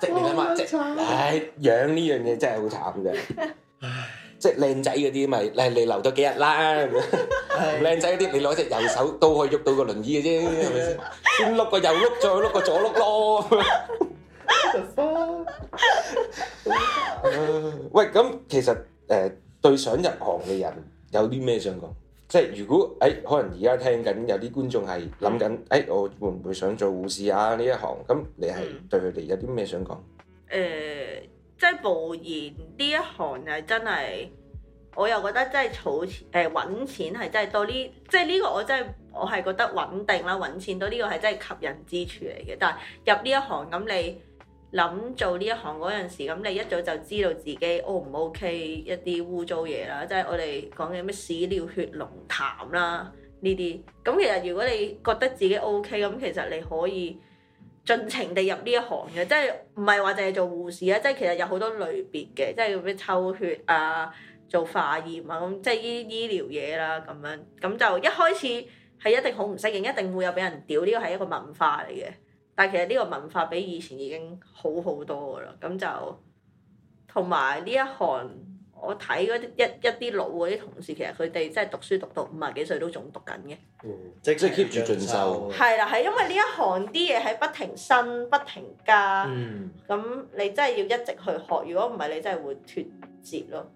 直面啊嘛，直。
唉，養呢樣嘢真係好慘嘅。唉，即係靚仔嗰啲咪，你留咗幾日啦。靚仔嗰啲，你攞隻右手都可以喐到個輪椅嘅啫，係咪先？先碌個右碌，再碌個左碌咯。 喂，咁其實誒、呃，對想入行嘅人有啲咩想講？即係如果誒、欸，可能而家聽緊有啲觀眾係諗緊誒，我會唔會想做護士啊呢一行？咁你係對佢哋有啲咩想講？
誒、嗯呃，即係固然呢一行係真係，我又覺得真係儲錢誒，搵錢係真係多呢，即係呢個我真係我係覺得穩定啦，搵錢多呢個係真係吸引之處嚟嘅。但係入呢一行咁你。諗做呢一行嗰陣時，咁你一早就知道自己 O 唔 O K 一啲污糟嘢啦，即係我哋講嘅咩屎尿血膿痰啦呢啲。咁其實如果你覺得自己 O K，咁其實你可以盡情地入呢一行嘅，即係唔係話淨係做護士啊，即係其實有好多類別嘅，即係叫咩抽血啊、做化驗啊，咁即係依啲醫療嘢啦咁樣。咁就一開始係一定好唔適應，一定會有俾人屌，呢個係一個文化嚟嘅。但係其實呢個文化比以前已經好好多噶啦，咁就同埋呢一行我睇嗰啲一一啲老嗰啲同事，其實佢哋真係讀書讀到五啊幾歲都仲讀緊嘅，嗯、
即係 keep 住進修。係
啦、嗯，係、就是、因為呢一行啲嘢係不停新、不停加，咁、嗯、你真係要一直去學。如果唔係，你真係會脫節咯。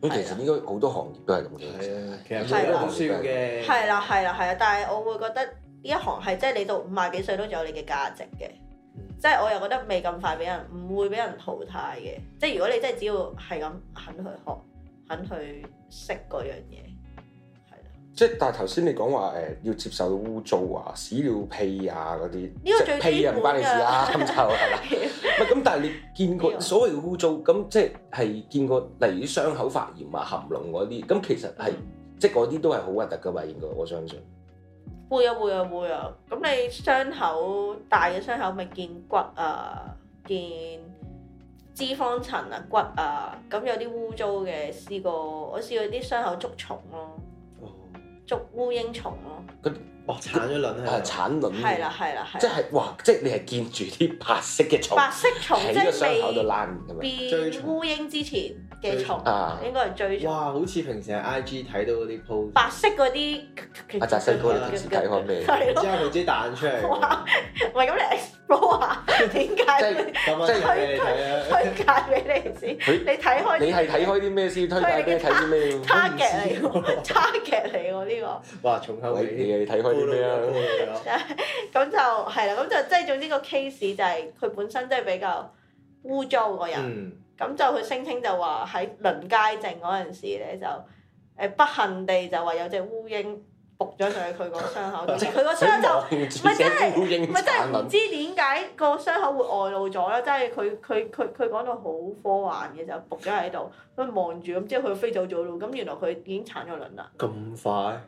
咁、
嗯、的其實應該好多行業都係咁嘅，其實都係讀書
嘅。係啦，
係啦，係啊，但係我會覺得。呢一行係即係你到五十幾歲都仲有你嘅價值嘅，嗯、即係我又覺得未咁快俾人唔會俾人淘汰嘅。即係如果你真係只要係咁肯去學、肯去識嗰樣嘢，係咯。即係
但係頭先你講話誒、呃、要接受污糟啊、屎尿屁啊嗰啲，呢個最屁啊唔關你事啊，咁就係啦。咁， 但係你見過所謂污糟咁，即係係見過例如傷口發炎啊、含膿嗰啲，咁其實係、嗯、即係嗰啲都係好核突噶嘛，應該我相信。
會啊會啊會啊！咁、啊啊、你傷口大嘅傷口咪見骨啊，見脂肪層啊，骨啊，咁有啲污糟嘅試過，我試過啲傷口捉蟲咯、啊，捉烏蠅蟲咯、
啊。哦，鏟咗輪咧，係鏟輪，係啦
係啦，即係
哇！即係你係
見住啲白色嘅蟲，白色蟲即係未烏蠅之前嘅蟲，
應該係最
哇！好似平時喺 IG 睇到嗰啲 po
白色嗰啲阿澤新哥，你平時睇開咩？然之後佢
自己彈出嚟，
哇！喂，咁你 explore 點解？即係
即係推推推介俾
你先，你睇開你係睇開
啲咩先？推介俾你睇啲咩？差劇
嚟，差劇嚟喎呢
個哇！重口味你睇開？
咁、嗯、 就係啦，咁就即係總之個 case 就係佢本身即係比較污糟個人，咁、嗯、就佢聲稱就話喺輪街症嗰陣時咧，就誒不幸地就話有隻烏蠅伏咗上去佢 個傷口，佢個傷就唔係真係，唔係真係，唔知點解個傷口會外露咗啦。即係佢佢佢佢講到好科幻嘅就伏咗喺度，佢望住咁即係佢飛走咗咯，咁原來佢已經產咗卵啦。
咁快？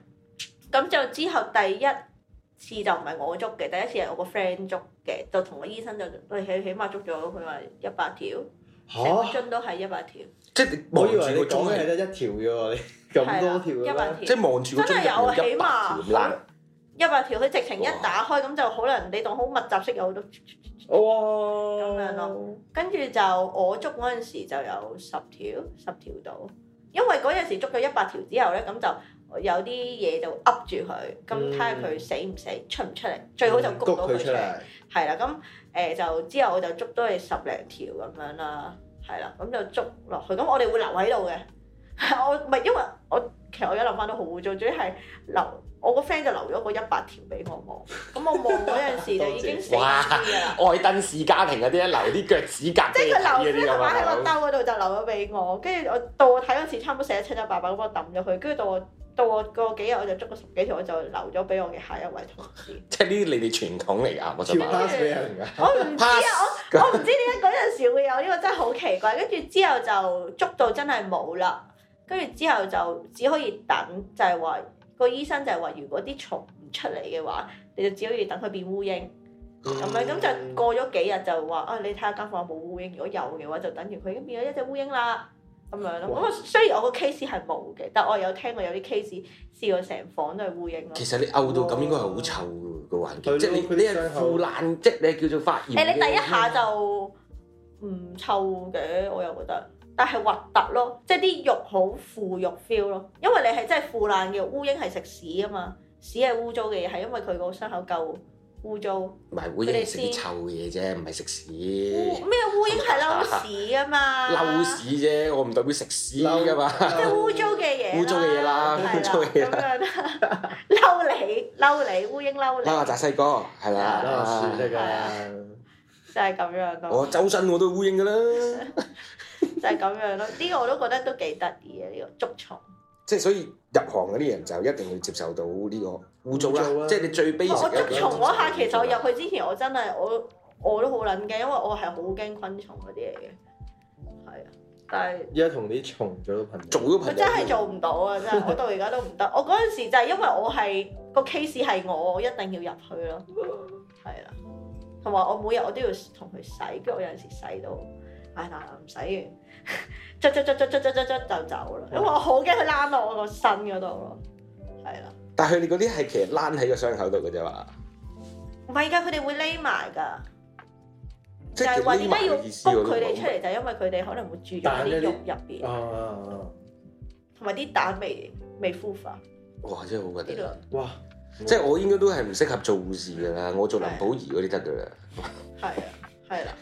咁就之後第一次就唔係我捉嘅，第一次係我個 friend 捉嘅，就同個醫生就起、哎、起碼捉咗佢話一百條，成樽、啊、都係一百條。啊、即係我以為你講係得一條嘅
喎，咁的多條百咩？條即係望住真係有起碼
一百條。佢直情一打開咁哇就可能你當好密集式有好多，哇！咁樣咯，跟住就我捉嗰陣時就有十條，十條到。因為嗰陣時捉咗一百條之後咧，咁就。有啲嘢就噏住佢，咁睇下佢死唔死，出唔出嚟，最好就谷到佢出嚟，係啦、嗯。咁誒、呃、就之後我就捉多你十零條咁樣啦，係啦，咁就捉落去。咁我哋會留喺度嘅， 我唔係因為我其實我一而家諗翻都好污糟，主要係留我個 friend 就留咗個一百條俾我望，咁我望嗰陣時就已經死
嘅
啦。愛登 氏家庭嗰啲留啲腳趾甲，即係 留，即係喺個兜
嗰度就留咗俾我，跟住我到我睇嗰陣差唔多寫七七八八咁幫我抌咗佢，跟住到我。到我過幾日我就捉咗十幾條，我就留咗俾我嘅下一位同
事。即係呢，啲你哋傳統嚟㗎，我唔 知啊。我唔 知
啊，我唔知點解嗰陣時會有呢、這個真係好奇怪。跟住之後就捉到真係冇啦。跟住之後就只可以等，就係、是、話個醫生就係話，如果啲蟲唔出嚟嘅話，你就只可以等佢變烏蠅咁樣。咁就過咗幾日就話啊，你睇下間房有冇烏蠅。如果有嘅話，就等住佢已經變咗一隻烏蠅啦。咁樣咯，咁啊喂雖然我個 case 係冇嘅，但係我有聽過有啲 case 試過成房都係烏蠅咯。其
實你嘔到咁應該係好臭嘅個環境，哦啊、即係你你係腐爛懶即係叫做發炎。誒，你第一下
就唔臭嘅，我又覺得，但係核突咯，即係啲肉好腐肉 feel 咯，因為你係真係腐爛嘅，烏蠅係食屎啊嘛，屎係污糟嘅嘢，係因為佢個傷口夠。污糟，唔係烏蠅食啲臭嘢
啫，唔係食屎。咩
烏蠅係嬲屎啊嘛？嬲屎
啫，我唔代表食屎噶嘛。即係污糟嘅
嘢。污糟嘅嘢啦，污糟嘅嘢啦。嬲你、嗯，嬲你，烏蠅嬲你。嬲下澤西哥，係啦，算得噶啦， 就係咁樣。 我周
身我都烏蠅噶啦， 就係
咁樣咯。
呢、這個我都覺得都幾得意嘅呢個捉、這個、蟲。即係所以。入行嗰啲人就一定要接受到呢個污糟啦，髒啦即係你最悲慘。我捉蟲下，其實我入去
之前我，我真係我我都好撚驚，因為我係好驚昆蟲嗰啲嚟嘅。係啊，但係
而家同啲蟲做咗朋友，做咗朋真係做
唔到啊！真係我到而家都唔得。 我嗰陣時就係因為我係個 case 係我，我一定要入去咯。係啦，同埋我每日我都要同佢洗，跟住我有陣時洗到哎呀唔使。完。就就就就就就就就走啦，因為我好驚佢躝落我個身嗰度咯，係
啦。但係佢哋嗰啲係其實躝喺個傷口度嘅啫嘛，
唔係而家佢哋會匿埋噶，就係話點解要
剝佢哋出嚟，就係因為佢哋可能會住咗喺啲肉入邊，同埋啲蛋未未孵化。哇，真
係
好核突！哇，即係我應該都係唔適合做護士噶啦，我做林寶儀嗰啲得噶啦。係
啊，係啦。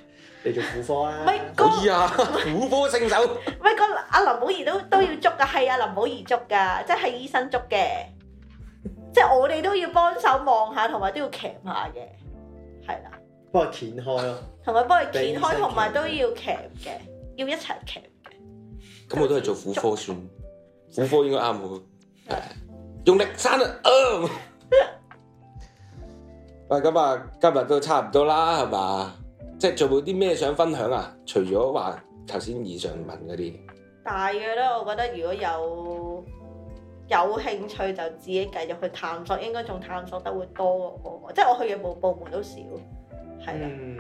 你做婦科啊？唔係個婦科聖手。
唔係阿林寶怡都都要捉噶，係啊，林寶怡捉噶，即係醫生捉嘅，即係我哋都要幫手望下，同埋、啊、 都要 c 下嘅，係啦。
幫佢掀開咯。
同埋幫佢掀開，同埋都要 c 嘅，要一齊 c 嘅。
咁我都係做婦科算，婦抓科應該啱好。 用力生。啊！啊、呃！喂，咁啊，今日都差唔多啦，係嘛？即係做部啲咩想分享啊？除咗話頭先以上問嗰啲，
大約咧，我覺得如果有有興趣就自己繼續去探索，應該仲探索得會多過我。即係我去嘅部部門都少，係
啦，係啊、嗯。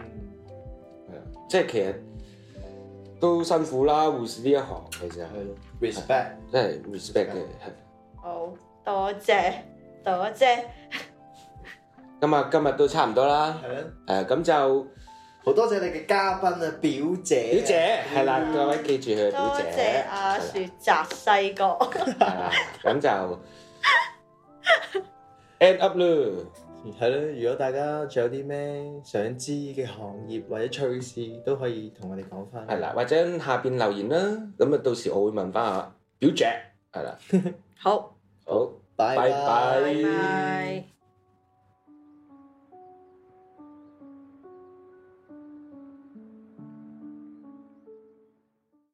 即係其實都辛苦啦，護士呢一行其實的，respect，即係、嗯、respect 嘅
respect, 對。好多謝，謝，多
謝。今日今日都差唔多啦。係咯吧。誒、 嗯，咁就。
好多謝你嘅嘉賓啊，表姐。表姐係啦，各位記住佢嘅表姐。多謝阿雪
澤細哥。
咁就 end up 啦，係啦。如果大家仲有啲咩想知嘅行業或者趨勢，都可以同我哋講翻。係啦，或者下邊留言啦。咁
啊，到時我會問翻阿表姐。係啦，好，好，拜，拜拜。